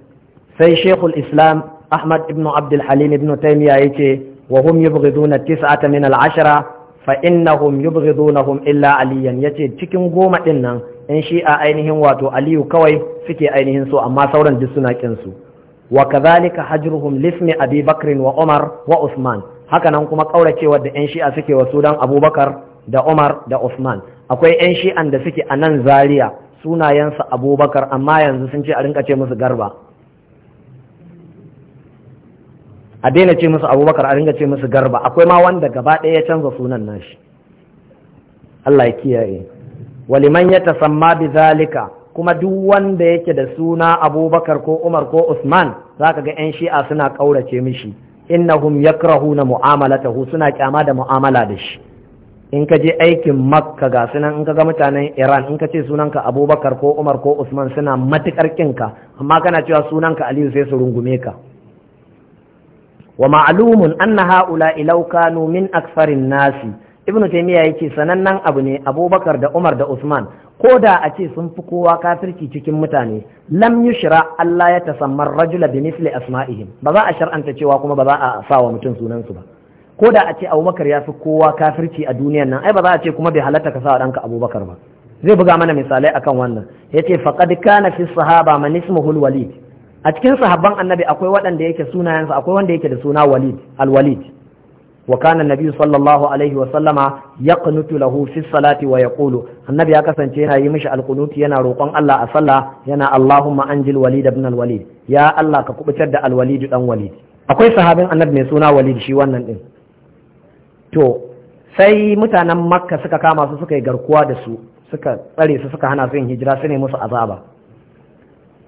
sai shekul islam ahmad ibnu abdul halim ibn taymiya yace wa hum yubghiduna tis'ata min al-ashara fa innahum yubghidunahum illa aliyan yace cikin goma din nan in shi a ainihin wato aliyu kawai suke ainihin so amma sauran duk suna kin su wa kadhalika hajruhum lismi abi bakr wa umar wa usman haka nan kuma kauracewa da yan shi'a suke wa sudan abubakar da Umar da Usman akwai yan shi'an da suke a nan Zaria sunayensa Abubakar amma yanzu sun ce a rinka ce musu Garba a daina ce musu Abubakar a rinka ce musu Garba akwai ma wanda gaba ɗaya ya canza sunan nashi Allah ya kiyaye waliman ya tasamma bi zalika kuma duk wanda yake da suna abubakar ko umar ko usman za ka ga 'yan shi'a suna ƙaurace mishi innahum yakrahuna mu'amalatahu suna kyama da mu'amala da shi in ka je aikin makka ga sunan in ka ga mutanen iran in ka ce sunanka abubakar ko umar ko usman suna matukar kinka amma kana cewa sunanka aliyu sai su rungume ka wa ma'alumun anna ha'ula ilau kanu min aksarin nasi ibnu taymiya yake sanannen abu ne abubakar da umar da usman ko da a ce sun fi kowa kafirci cikin mutane lam yushra Allah ya tasammar rajula bi misli asma'ihim ba za a shar'anta cewa kuma ba za a sa wa mutum sunansu ba ko da a ce abubakar ya fi kowa kafirci a duniyan nan ai ba za a ce kuma bai halatta ka sa ɗanka abubakar ba zai buga mana misalai akan wannan ya ce faƙad kana fi sahaba man ismuhul walid a cikin sahabban annabi akwai waɗanda yake sunayensa akwai wanda yake da suna walid alwalid wa kana nabi sallallahu alaihi wa sallama yaqnutu lahu fi salati wa yaqulu annabi ya kasance yana yi mishi alqunuti yana roƙon Allah a sallah yana Allahumma anjil walid ibn alwalid ya Allah ka kubutar da alwalid dan walid akwai sahabin annabi mai suna walid shi wannan din to sai mutanen makka suka kama su suka yi garkuwa da su suka tsare su suka hana su yin hijira su ne musu azaba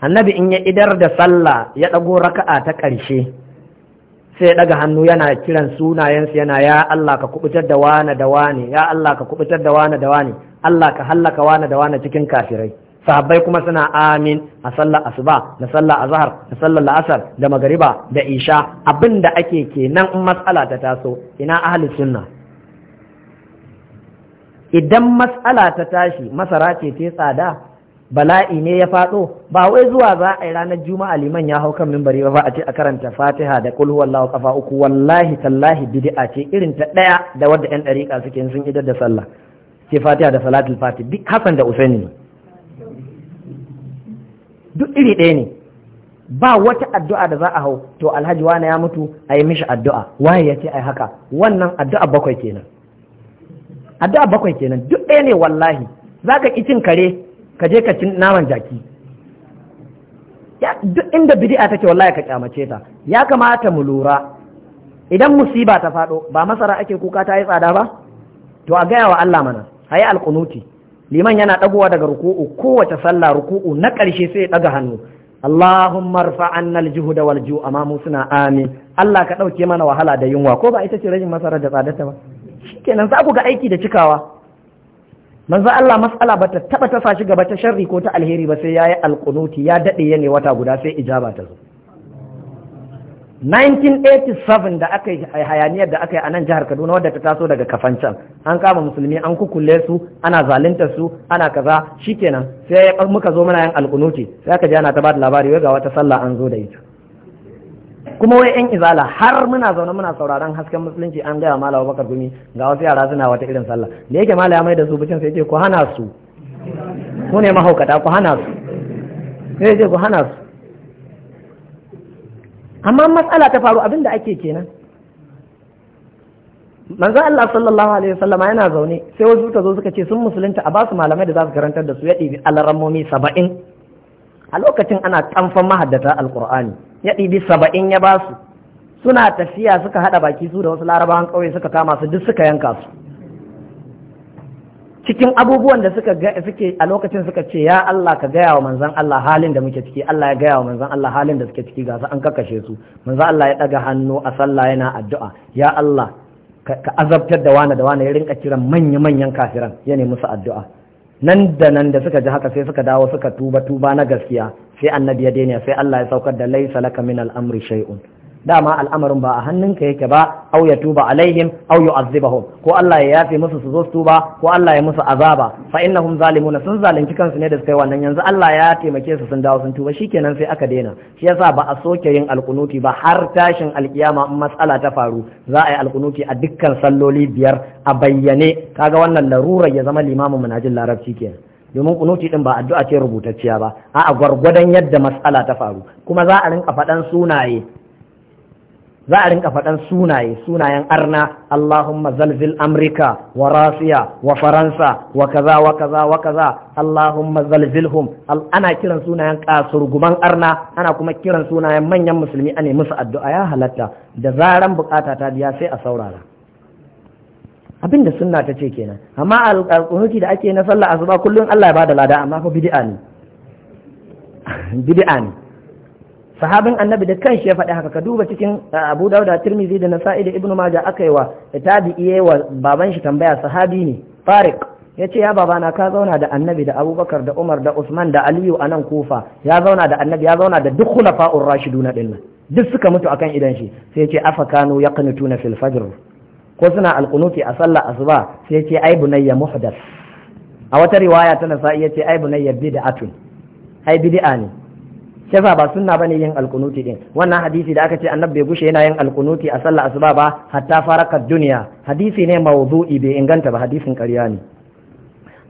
annabi in ya idar da sallah ya ɗago raka'a ta ƙarshe sai ya ɗaga hannu yana kiran sunayensu yana ya Allah ka kubutar da wane da wane ya Allah ka kubutar da wane da wane Allah ka hallaka wane da wane cikin kafirai sahabbai kuma suna amin a sallar asuba da sallar azhar da sallar la'asar da magariba da isha abinda ake kenan in matsala ta taso ina ahli sunna idan matsala ta tashi masara ce ta tsada bala'i ne ya faɗo ba wai zuwa za a yi ranar juma'a liman ya hau kan mimbari ba a ce a karanta fatiha da kul huwallahu kafa uku wallahi tallahi bid'a ce irin ta ɗaya da wadda yan ɗariƙa suke sun idar da sallah ce fatiha da salatul fati duk hasan da usaini duk iri ɗaya ne ba wata addu'a da za a hau to alhaji wani ya mutu a yi mishi addu'a waye ya ce ai haka wannan addu'a bakwai kenan addu'a bakwai kenan duk ɗaya ne wallahi za ka ƙi cin kare ka je ka cin naman jaki duk inda bidi'a take wallahi ka kyamace ta ya kamata mu lura idan musiba ta faɗo ba masara ake kuka ta yi tsada ba to a gaya wa Allah mana hayi alƙunuti liman yana dagowa daga ruku'u kowace sallah ruku'u na ƙarshe sai ya daga hannu Allahumma rfa annal juhuda wal ju'a ma musna amin Allah ka dauke mana wahala da yunwa ko ba ita ce rashin masara da tsadata ba shikenan za ku ga aiki da cikawa manzo Allah mas'ala ba ta taba ta sashi gaba ta sharri ko ta alheri ba sai yayi alqunuti ya dade ya ne wata guda sai ijaba ta zo 1987 da aka yi hayaniyar da aka yi a nan jihar Kaduna wadda ta taso daga kafancan an kama musulmi an kukulle su ana zalunta su ana kaza shikenan sai muka zo muna yin alkunuti sai aka ji ana ta bada labari wai ga wata sallah an zo da ita kuma wai yan izala har muna zaune muna sauraron hasken musulunci an gaya Malama Bakar gumi ga wasu yara suna wata irin sallah da yake mala ya mai da su bucin sai ce ku hana su ku ne mahaukata ku hana su sai ce ku hana su amma matsala ta faru abinda ake kenan manzo Allah sallallahu alaihi wasallama yana zaune sai wasu ta zo suka ce sun musulunta a basu malamai da za su karantar da su ya ɗibi alarammomi saba'in a lokacin ana kamfan mahaddata alqur'ani ya ɗibi saba'in ya basu suna tafiya suka haɗa baki su da wasu larabawan ƙauye suka kama su duk suka yanka su cikin abubuwan da suka suke a lokacin suka ce ya Allah ka gaya wa manzon Allah halin da muke ciki Allah ya gaya wa manzon Allah halin da suke ciki ga su an kakkashe su manzon Allah ya daga hannu a sallah yana addu'a ya Allah ka azabtar da wani da wani ya rinka kiran manya manyan kafiran ya nemi su addu'a nan da nan da suka ji haka sai suka dawo suka tuba tuba na gaskiya sai annabi ya daina sai Allah ya saukar da laysa laka min al-amri shay'un dama al'amarin ba a hannunka yake ba aw yatuba alaihim aw yu'azzibahum ko Allah ya yafe musu su zo su tuba ko Allah ya musu azaba fa innahum zalimuna sun zalunci kansu ne da suka wannan yanzu Allah ya taimake su sun dawo sun tuba shikenan sai aka daina shi yasa ba a soke yin alkunuti ba har tashin alkiyama in matsala ta faru za a yi alkunuti a dukkan salloli biyar a bayyane kaga wannan larurar ya zama limamin munajin larabci kenan domin kunuti din ba addu'a ce rubutacciya ba a'a gwargwadon yadda matsala ta faru kuma za a rinka faɗan sunaye za a rinka faɗan sunaye sunayen arna Allahumma zalzil Amurka wa Rasiya wa Faransa wa kaza wa kaza wa kaza Allahumma zalzilhum ana kiran sunayen kasurguman arna ana kuma kiran sunayen manyan musulmi a musu addu'a ya halatta da zaran bukata ta biya sai a saurara abin da sunna ta ce kenan amma alƙunuti da ake na sallah asuba kullum Allah ya bada lada amma fa bid'a ne bid'a ne sahabin annabi da kan shi ya faɗi haka ka duba cikin uh, abu dauda tirmizi da nasa'i da ibnu maja aka yi wa tabi'i wa baban shi tambaya sahabi ne farik ya ce ya babana ka zauna da annabi da abubakar da umar da usman da aliyu a nan kufa ya zauna da annabi ya zauna da duk khulafa'ur rashiduna na nan duk suka mutu akan idan shi sai ya ce afa kanu yaqnutuna fil filfajir ko suna alqunuti a sallah asuba sai ya ce ai bunayya muhdath a wata riwaya ta nasa'i ya ce ai bunayya bid'atun ai bid'a ne kesa ba sunna bane yin alkunuti din wannan hadisi da aka ce annabi bai gushe yana yin alkunuti a sallar asuba ba hatta faraka duniya hadisi ne mawdu'i bai inganta ba hadisin ƙarya ne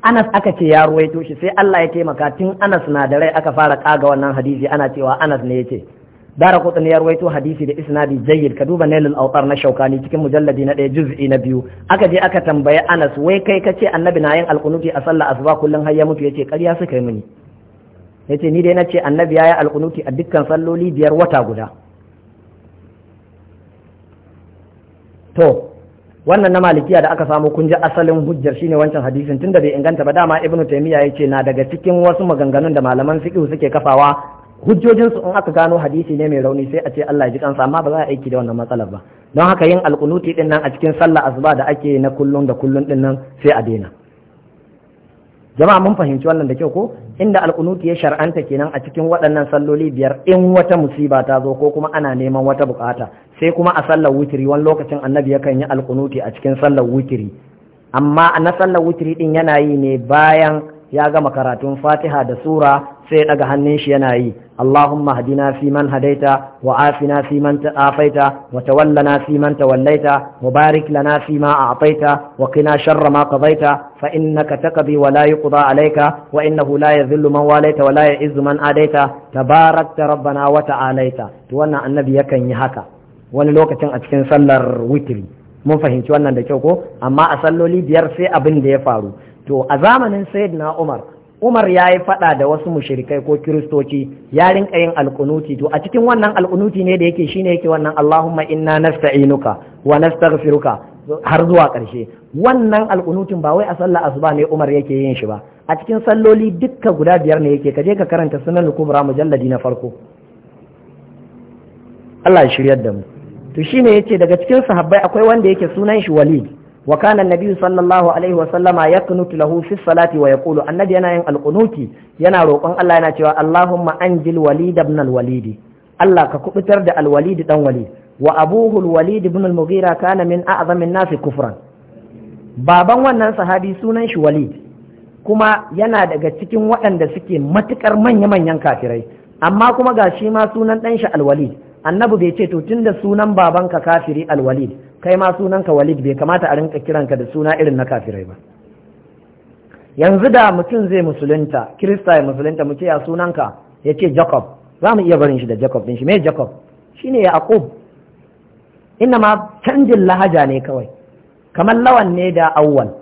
Anas aka ce ya ruwaito shi sai Allah ya taimaka tun Anas na da rai aka fara kaga wannan hadisi ana cewa Anas ne yake dara kutsun ya ruwaito hadisi da isnadi jayyid ka duba nailul awtar na shaukani cikin mujalladi na ɗaya juz'i na biyu aka je aka tambaye Anas wai kai kace annabi na yin alkunuti a sallar asuba kullun har ya mutu yace ƙarya suka yi mini yace ni dai na ce annabi ya yi alkunuti a dukkan salloli biyar wata guda to wannan na malikiya da aka samu kun ji asalin hujjar shine wancan hadisin da bai inganta ba dama ibnu taymiya ce na daga cikin wasu maganganun da malaman fiqh suke kafawa hujjojin su in aka gano hadisi ne mai rauni sai a ce Allah ya ji kansa amma ba za a aiki da wannan matsalar ba don haka yin alkunuti din a cikin sallah asuba da ake na kullun da kullun din sai a daina jama'a mun fahimci wannan da kyau ko inda alkunuti ya shar'anta kenan a cikin waɗannan salloli biyar in wata musiba ta zo ko kuma ana neman wata bukata sai kuma a sallar wutiri wani lokacin annabi yakan yi alkunuti a cikin sallar wutiri amma na sallar wutiri din yana yi ne bayan ya gama karatun fatiha da sura sai daga hannun shi yana yi Allahumma hadina fi man hadaita wa afina fi man afaita wa tawallana fi man tawallaita wa barik lana fi ma a'taita wa qina sharra ma qadaita fa innaka taqdi wa la yuqda alayka wa innahu la yadhillu man walaita wa la ya'izzu man adaita tabarakta rabbana wa ta'alaita to wannan annabi yakan yi haka wani lokacin a cikin sallar witri mun fahimci wannan da kyau ko amma a salloli biyar sai abin da ya faru to a zamanin sayyidina Umar Umar ya yi faɗa da wasu mushrikai ko kiristoci ya rinka yin alƙunuti to a cikin wannan alƙunuti ne da yake shine yake wannan Allahumma inna nasta'inuka wa nastaghfiruka har zuwa ƙarshe wannan alƙunutin ba wai a sallah asuba ne Umar yake yin shi ba a cikin salloli dukka guda biyar ne yake kaje ka karanta sunan kubra mujalladi na farko Allah ya shiryar da mu to ya ce daga cikin sahabbai akwai wanda yake sunan shi Walid wa kana annabi sallallahu alaihi wa sallama yaqnutu lahu fi wa yaqulu annabi yana yin alkunuki, yana roƙon Allah yana cewa Allahumma anjil walid ibn al Allah ka kubutar da alwalidi ɗan dan walid wa abuhu al-walid ibn al kana min a'zami an-nas baban wannan sahabi sunan shi walid kuma yana daga cikin waɗanda suke matukar manya-manyan kafirai amma kuma ga shi ma sunan ɗan shi alwalid annabi bai ce to tunda sunan babanka kafiri alwalid kai ma sunanka walid bai kamata a rinka kiranka da suna irin na kafirai ba yanzu da mutum zai musulunta kirista ya musulunta mu ce ya sunanka ya ce jacob za mu iya barin shi da jacob din shi me jacob ne ya inna ma canjin lahaja ne kawai kamar lawan ne da awwal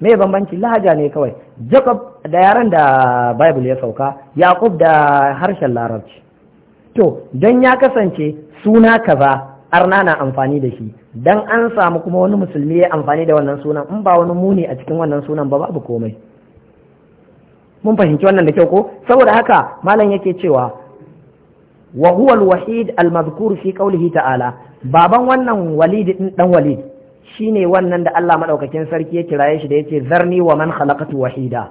mai bambanci lahaja ne kawai jacob da yaran da bible ya sauka yaqub da harshen larabci to don ya kasance suna kaza arna na amfani da shi dan an samu kuma wani musulmi ya amfani da wannan sunan in ba wani muni a cikin wannan sunan ba babu komai mun fahimci wannan da kyau ko saboda haka malam yake cewa wa huwa al-wahid al-madhkur fi qawlihi ta'ala baban wannan walid din dan walid shine wannan da Allah madaukakin sarki ya kiraye shi da yace zarni wa man khalaqatu wahida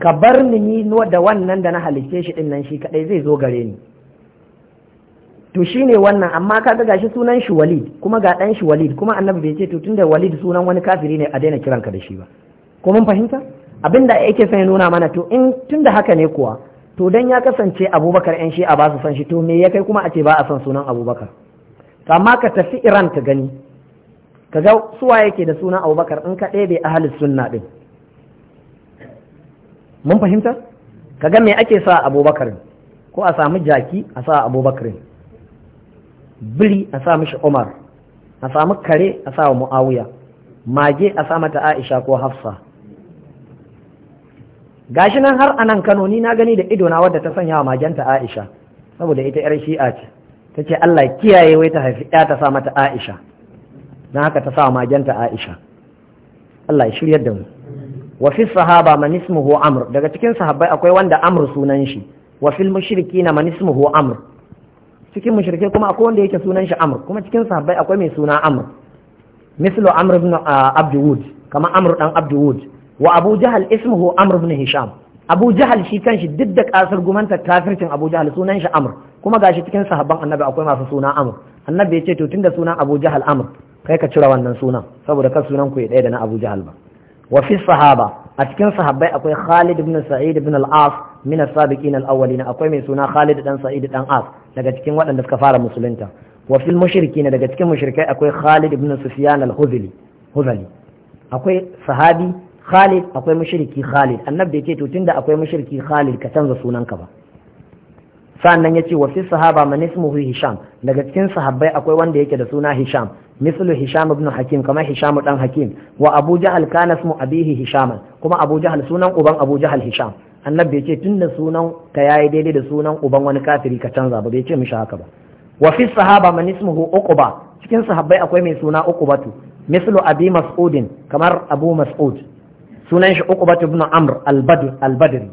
ka bar ni da wannan da na halicce shi din nan shi kadai zai zo gare ni to shi ne wannan amma ga shi sunan shi walid kuma ga ɗan shi walid kuma annabi bai ce to tunda walid sunan wani kafiri ne a daina kiranka da shi ba ko mun fahimta abinda yake son ya nuna mana to in tunda haka ne kuwa to dan ya kasance abubakar yan a ba su san shi to me ya kai kuma a ce ba a san sunan abubakar to amma ka tafi iran ka gani ka ga suwa yake da sunan abubakar in ka ɗebe halin sunna din mun fahimta ka ga me ake sa abubakar ko a samu jaki a sa abubakar biri a sa mishi umar a samu kare a sa wa mu'awiya mage a sa mata aisha ko hafsa gashi nan har a nan kano ni na gani da ido na wadda ta sanya wa magenta aisha saboda ita yar shi'a ce ta ce allah kiyaye wai ta haifi ya ta sa mata aisha na haka ta sa wa magenta aisha allah ya shirya da mu Wafi sahaba sahaba man ho amr daga cikin sahabbai akwai wanda amr sunan shi wa na ma man ho amr cikin mushrike kuma akwai wanda yake sunan shi amr kuma cikin sahabbai akwai mai suna amr mislu amr ibn ah, abdul kama amr dan abdul wa abu jahal ismuhu amr ibn hisham abu jahal shi kanshi duk da kasar gumanta kafircin abu jahal sunan shi amr kuma gashi cikin sahabban annabi akwai masu suna amr annabi ya ce to tunda sunan abu jahal amr kai ka cire wannan sunan saboda ka sunan ku ya daya da na abu jahal ba wa fi sahaba a cikin sahabbai akwai khalid ibn sa'id ibn al-as min as-sabiqin al-awwalin akwai mai suna khalid dan sa'id dan as daga cikin waɗanda suka fara musulunta wa fil daga cikin mushrikai akwai Khalid ibn Sufyan al-Huzali akwai sahabi Khalid akwai mushriki Khalid annabi yake to tunda akwai mushriki Khalid ka canza sunanka ba sannan yace wa fi sahaba man ismuhu Hisham daga cikin sahabbai akwai wanda yake da suna Hisham mislu Hisham ibn Hakim kamar Hisham dan Hakim wa Abu Jahal kana ismu abihi Hisham kuma Abu Jahal sunan uban Abu Jahal Hisham annabi ya ce tun da sunan ka yayi daidai da sunan uban wani kafiri ka canza ba bai ce mishi haka ba wa fi sahaba man ismuhu uquba cikin sahabbai akwai mai suna uqubatu mislu abi mas'udin kamar abu mas'ud sunan shi uqubatu ibn amr al-badri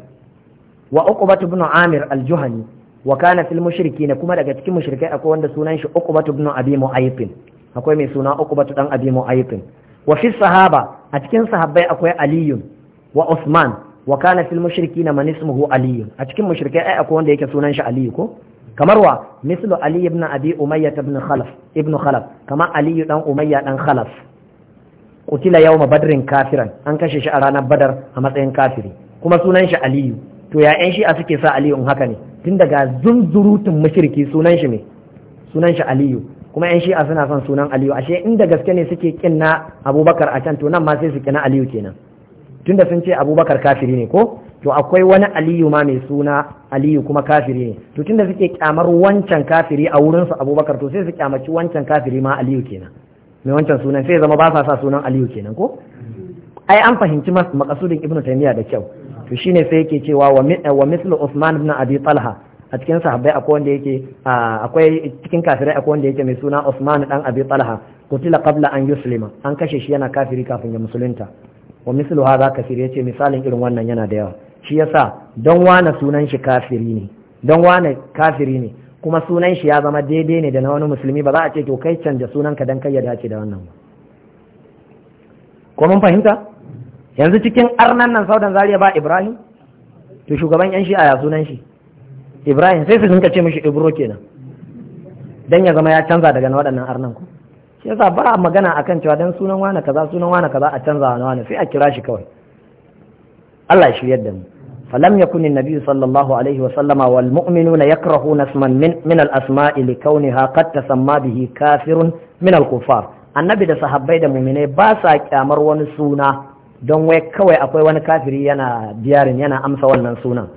wa uqubatu ibn amir al-juhani wa kana fil mushrikin kuma daga cikin mushrikai akwai wanda sunan shi uqubatu ibn abi mu'ayfin akwai mai suna uqubatu dan abi mu'ayfin wa fi sahaba a cikin sahabbai akwai aliyun wa usman wa kana fil na man ismuhu ali a cikin mushrikai ai akwai wanda yake sunan shi ali ko kamar wa mislu ali ibn abi umayya ibn khalaf ibn khalaf kama ali dan umayya dan khalaf kutila yawma badrin kafiran an kashe shi a ranar badar a matsayin kafiri kuma sunan shi aliyu to ya yan shi'a suke sa aliyu haka ne tun daga zunzurutun mushriki sunan shi me sunan shi aliyu kuma yan a suna son sunan aliyu ashe inda gaske ne suke kin abubakar a can to nan ma sai su kina aliyu kenan tunda sun ce abubakar kafiri ne ko to akwai wani aliyu ma mai suna aliyu kuma kafiri ne to tunda suke kyamar wancan kafiri a wurinsu abubakar to sai su kyamaci wancan kafiri ma aliyu kenan mai wancan sunan sai zama ba sa sa sunan aliyu kenan ko ai an fahimci makasudin ibnu taymiya da kyau to shine sai yake cewa wa mithlu usman ibn abi talha a cikin sahabbai akwai wanda yake akwai cikin kafirai akwai wanda yake mai suna usman dan abi talha kutila qabla an yuslima an kashe shi yana kafiri kafin ya musulunta wa mislu hadha kafir ce misalin irin wannan yana da yawa shi yasa don wane sunan shi kafiri ne don wane kafiri ne kuma sunan shi ya zama daidai ne da na wani musulmi ba za a ce to kai canja sunan ka dan kai ya dace da wannan ba ko mun fahimta yanzu cikin arnan nan saudan zariya ba ibrahim to shugaban yan shi'a ya sunan shi ibrahim sai su dinka ce mishi ibro kenan dan ya zama ya canza daga na waɗannan arnan ku shi yasa ba magana akan cewa dan sunan wani kaza sunan wani kaza a canza wani wani sai a kira shi kawai Allah ya shiryar da mu falam yakun annabi sallallahu alaihi wa sallama wal mu'minuna yakrahuna isman min min al asma'i li kauniha qad tasamma bihi kafirun min al kufar annabi da sahabbai da mu'minai ba sa kyamar wani suna don wai kawai akwai wani kafiri yana biyarin yana amsa wannan sunan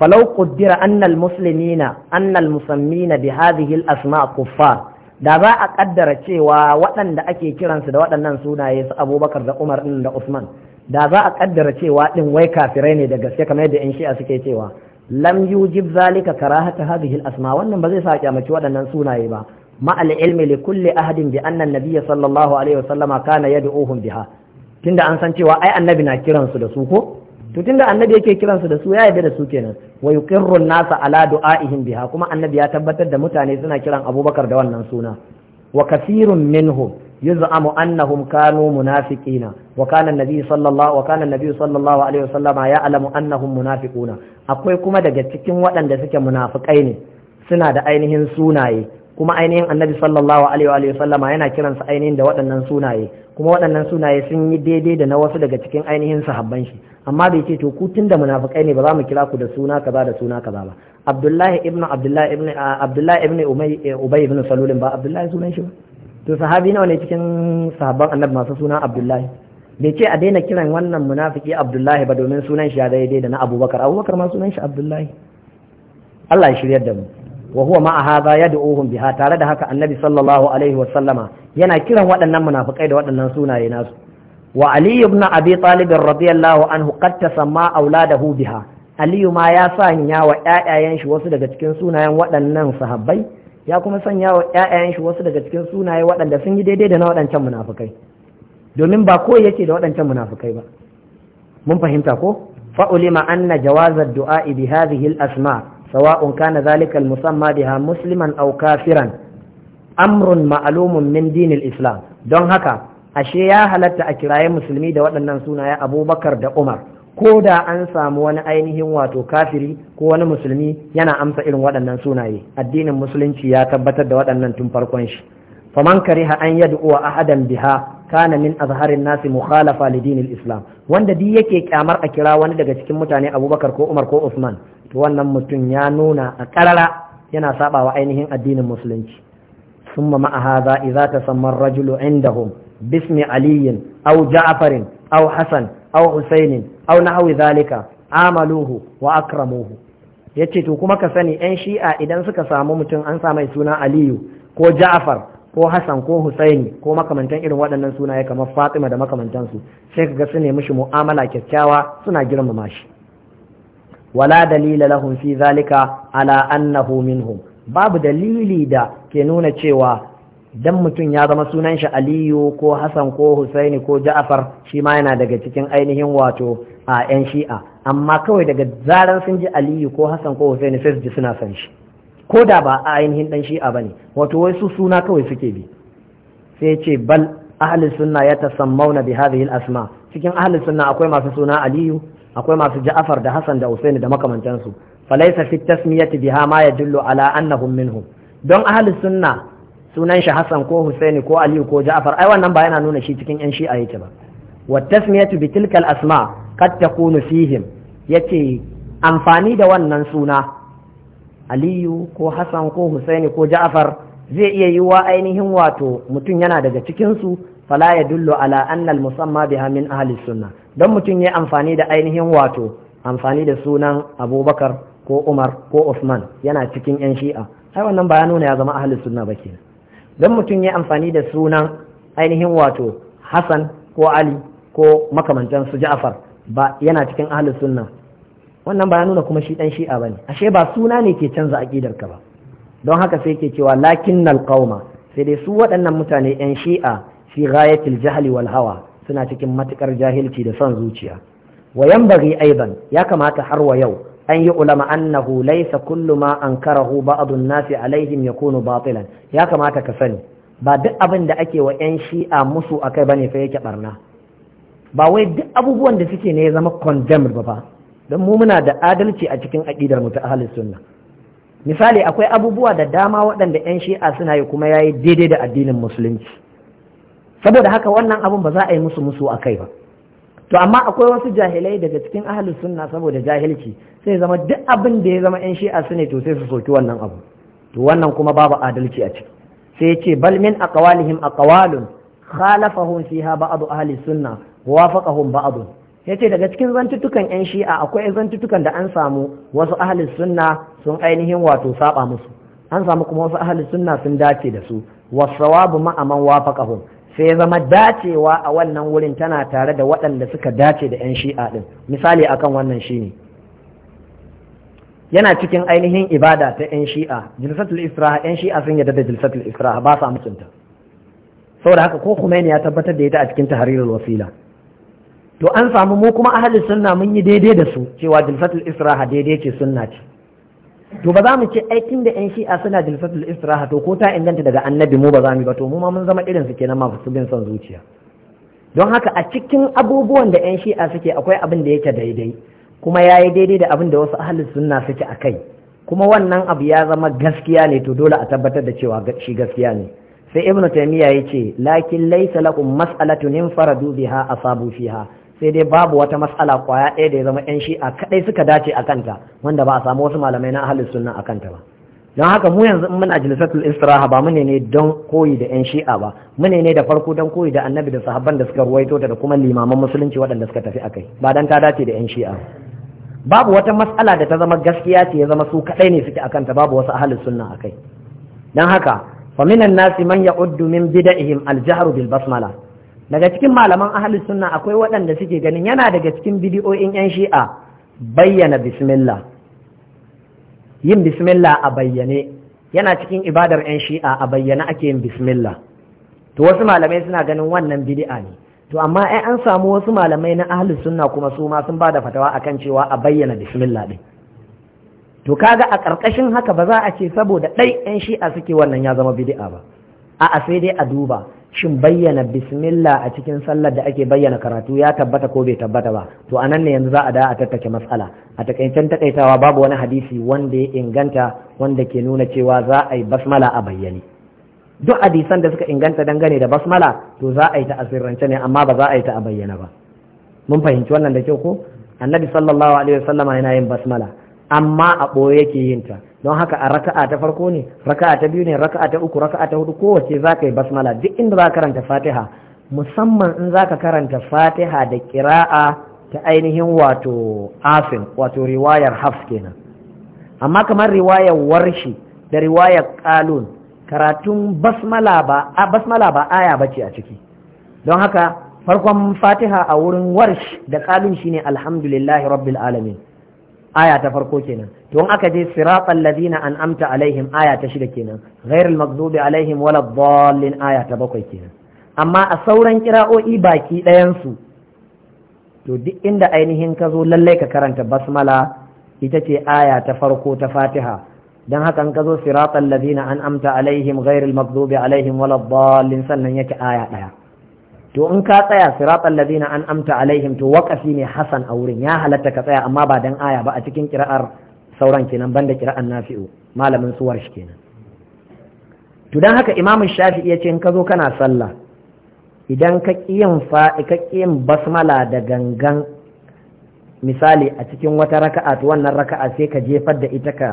falau qaddira anna al muslimina anna al musammina bi hadhihi al asma' kuffar da za a kaddara cewa waɗanda ake kiransu da waɗannan sunaye su abubakar da umar ɗin da usman da za a kaddara cewa ɗin wai kafirai ne da gaske kamar yadda 'yan shi'a suke cewa lam yujib zalika karahata hadhihi al-asma wannan ba zai sa kyamaci waɗannan sunaye ba ma al-ilmi li kulli ahadin bi anna an sallallahu alaihi wasallama kana yad'uhum biha tunda an san cewa ai annabi na kiransu da su ko to tunda annabi yake kiransu da su ya yarda da su kenan wa yuqirru nasa ala du'aihim biha kuma annabi ya tabbatar da mutane suna kiran abubakar da wannan suna wa kathirun minhum yuz'amu annahum kanu munafiqina wa kana annabi sallallahu wa kana annabi sallallahu alaihi ya'lamu annahum munafiquna akwai kuma daga cikin waɗanda suke munafikai ne suna da ainihin sunaye kuma ainihin annabi sallallahu alaihi yana kiransa ainihin da waɗannan sunaye kuma waɗannan sunaye sun yi daidai da na wasu daga cikin ainihin sahabban shi amma bai ce to ku tun da munafikai ne ba za mu kira ku da suna kaza da suna kaza ba abdullahi ibn abdullahi ibn abdullahi ibn eh, ubay ibn salulin ba abdullahi sunan shi ba to sahabi nawa ne cikin sahabban annabi masu suna abdullahi bai ce a daina kiran wannan munafiki abdullahi ba domin sunan shi ya daidai da na abubakar abubakar ma sunan shi abdullahi Allah ya shiryar da mu wa huwa ma hadha yad'uhum biha tare da haka annabi sallallahu alaihi wa sallama yana kiran waɗannan munafikai da waɗannan sunaye nasu wa Aliyu ibn abi talib radiyallahu anhu qad tasamma auladahu biha aliyu ma ya sanya wa ƴaƴayen shi wasu daga cikin sunayen waɗannan sahabbai ya kuma sanya wa ƴaƴayen shi wasu daga cikin sunaye waɗanda sun yi daidai da na waɗancan munafukai domin ba ko yake da waɗancan munafukai ba mun fahimta ko fa'ulima anna jawazar du'a bi hadhihi al-asma sawa'un kana zalika al-musamma biha musliman aw kafiran amrun ma'lumun min dinil islam don haka ashe ya halatta a kiraye musulmi da waɗannan sunaye, abubakar da umar ko da an samu wani ainihin wato kafiri ko wani musulmi yana amsa irin waɗannan sunaye addinin musulunci ya tabbatar da waɗannan tun farkon shi faman kariha an yad'u ahadan biha kana min azharin nasi mukhalafa li dinil islam wanda duk yake kyamar a kira wani daga cikin mutane abubakar ko umar ko usman to wannan mutum ya nuna a karara yana sabawa ainihin addinin musulunci summa ma'a hadha idza tasammar rajulu indahum باسم علي أو جعفر أو حسن أو حسين أو نحو ذلك عملوه وأكرموه yace to kuma ka sani yan shi'a idan suka samu mutum an sa mai suna aliyu ko ja'far ko hassan ko husaini ko makamantan irin waɗannan sunaye kamar fatima da makamantansu sai ka ga su nemi shi mu'amala kyakkyawa suna girmama shi wala dalila lahum fi zalika ala annahu minhum babu dalili da ke nuna cewa dan mutum ya zama sunan shi aliyu ko hassan ko husaini ko ja'afar shi ma yana daga cikin ainihin wato a yan shi'a amma kawai daga zaran sun ji aliyu ko hassan ko husaini sai su ji suna san shi ko da ba a ainihin ɗan shi'a bane wato wai su suna kawai suke bi sai ce bal ahli sunna ya tasammauna bi hadhihi al-asma cikin ahli sunna akwai masu suna aliyu akwai masu ja'afar da hassan da husaini da makamantansu falaysa fi tasmiyati biha ma yadullu ala annahum minhum don ahli sunna sunan shi Hassan ko Husaini ko Aliyu ko Ja'far ai wannan ba yana nuna shi cikin yan shi'a yake ba wa tasmiyatu bi tilkal asma qad takunu fihim yace amfani da wannan suna Aliyu ko Hassan ko Husaini ko Ja'far zai iya yiwa ainihin wato mutum yana daga cikin su fala yadullu ala anna al musamma biha min ahli sunna dan mutum ya amfani da ainihin wato amfani da sunan Abubakar ko Umar ko Usman yana cikin yan shi'a ai wannan ba ya nuna ya zama ahli sunna ba kenan don mutum ya amfani da sunan ainihin wato hassan ko ali ko makamantan su ja'afar ba yana cikin ahlus sunna wannan ba ya nuna kuma shi dan shi'a bane ashe ba suna ne ke canza aqidar ka ba don haka sai ke cewa lakin qauma sai dai su waɗannan mutane yan shi'a fi ghayatil jahli wal hawa suna cikin matukar jahilci da son zuciya wa yanbaghi aidan ya kamata har wa yau an yi ulama annahu laysa kullu ma ankarahu ba'dun nasi alaihim yakunu batilan ya kamata ka sani ba duk abin da ake wa yan shi'a musu akai bane fa yake barna ba wai duk abubuwan da suke ne ya zama condemned ba fa don mu muna da adalci a cikin aqidar mu ta ahlus sunna misali akwai abubuwa da dama waɗanda yan shi'a suna yi kuma yayi daidai da addinin musulunci saboda haka wannan abun ba za a yi musu musu akai ba to amma akwai wasu jahilai daga cikin ahlus sunna saboda jahilci sai zama duk abin da ya zama yan shi'a su ne to sai su soki wannan abu to wannan kuma babu adalci a ciki sai ya ce bal min aqwalihim aqwalun khalafahum fiha ba'd ahli sunna wa wafaqahum ba'd yace daga cikin zantutukan yan shi'a akwai zantutukan da an samu wasu ahli sunna sun ainihin wato saɓa musu an samu kuma wasu ahli sunna sun dace da su wasawabu ma'aman aman wafaqahum sai zama dacewa a wannan wurin tana tare da waɗanda suka dace da 'yan shi'a ɗin misali akan wannan shine yana cikin ainihin ibada ta 'yan shi'a jilsatul isra'a 'yan shi'a sun yadda da jilsatul isra'a ba sa mutunta saboda haka ko Khomeini ya tabbatar da ita a cikin tahrirul wasila to an samu mu kuma ahli sunna mun yi daidai da su cewa jilsatul isra'a daidai ce sunna ce to ba za mu ce aikin da yan shi'a suna jilfatul istiraha to ko ta inganta daga annabi mu ba za mu ba to mu ma mun zama irin su kenan masu bin son zuciya don haka a cikin abubuwan da yan shi'a suke akwai abin da yake daidai kuma ya yi daidai da abin da wasu ahalin sunna suke a kai kuma wannan abu ya zama gaskiya ne to dole a tabbatar da cewa shi gaskiya ne sai ibnu taymiya ya ce lakin laysa lakum mas'alatun faradu biha asabu fiha sai dai babu wata matsala kwaya ɗaya da ya zama yan shi'a kaɗai suka dace a kanta wanda ba a samu wasu malamai na ahalin sunna a kanta ba don haka mu yanzu in muna jilisatul istiraha ba mune ne don koyi da yan shi'a ba mune ne da farko don koyi da annabi da sahabban da suka ruwaito da kuma limaman musulunci waɗanda suka tafi akai ba dan ta dace da yan shi'a babu wata matsala da ta zama gaskiya ce ya zama su kaɗai ne suke akanta kanta babu wasu ahalin sunna akai don haka faminan nasi man uddumin min bid'ihim al-jahru bil daga cikin malaman ahalus sunna akwai waɗanda suke ganin yana daga cikin bidiyoyin yan shi'a bayyana bismillah yin bismillah a bayyane yana cikin ibadar yan shi'a a bayyane ake yin bismillah to wasu malamai suna ganin wannan bidi'a ne to amma ai an samu wasu malamai na ahalin sunna kuma su ma sun bada fatawa akan cewa a bayyana bismillah din to kaga a ƙarƙashin haka ba za a ce saboda ɗai yan shi'a suke wannan ya zama bidi'a ba a'a sai dai a duba shin bayyana bismillah a cikin sallar da ake bayyana karatu ya tabbata ko bai tabbata ba to a nan ne yanzu za a da a tattake matsala a takaicen takaitawa babu wani hadisi wanda ya inganta wanda ke nuna cewa za a yi basmala a bayyane duk hadisan da suka inganta dangane da basmala to za a yi ta asirrance ne amma ba za a yi ta a bayyana ba mun fahimci wannan da kyau ko annabi sallallahu alaihi wasallama yana yin basmala amma a ɓoye yake yin ta don haka a raka'a ta farko ne raka'a ta biyu ne raka'a ta uku raka'a ta hudu kowace za ka yi basmala duk inda za ka karanta fatiha musamman in za ka karanta fatiha da kira'a ta ainihin wato afin wato riwayar hafs kenan amma kamar riwayar warshi da riwayar kalun karatun basmala ba a basmala ba aya bace a ciki don haka farkon fatiha a wurin warshi da kalun shine alhamdulillahi rabbil alamin aya ta farko kenan to in aka je siratal ladina an'amta alaihim aya ta shida kenan ghairul maghdubi alaihim waladdallin aya ta bakwai kenan amma a sauran kira'o'i baki ɗayan su to duk inda ainihin ka zo lallai ka karanta basmala ita ce aya ta farko ta fatiha dan haka in ka zo siratal ladina an'amta alaihim ghairul maghdubi alaihim waladdallin sannan yake aya ɗaya to in ka tsaya siratal ladina an amta alaihim to waqafi ne hasan a wurin ya halatta ka tsaya amma ba dan aya ba a cikin kira'ar sauran kenan banda kira'an nafi'u malamin suwar shi kenan to dan haka imam shafi'i ya ce in ka zo kana sallah idan ka kiyin fa ka kiyin basmala da gangan misali a cikin wata raka'a to wannan raka'a sai ka jefar da ita ka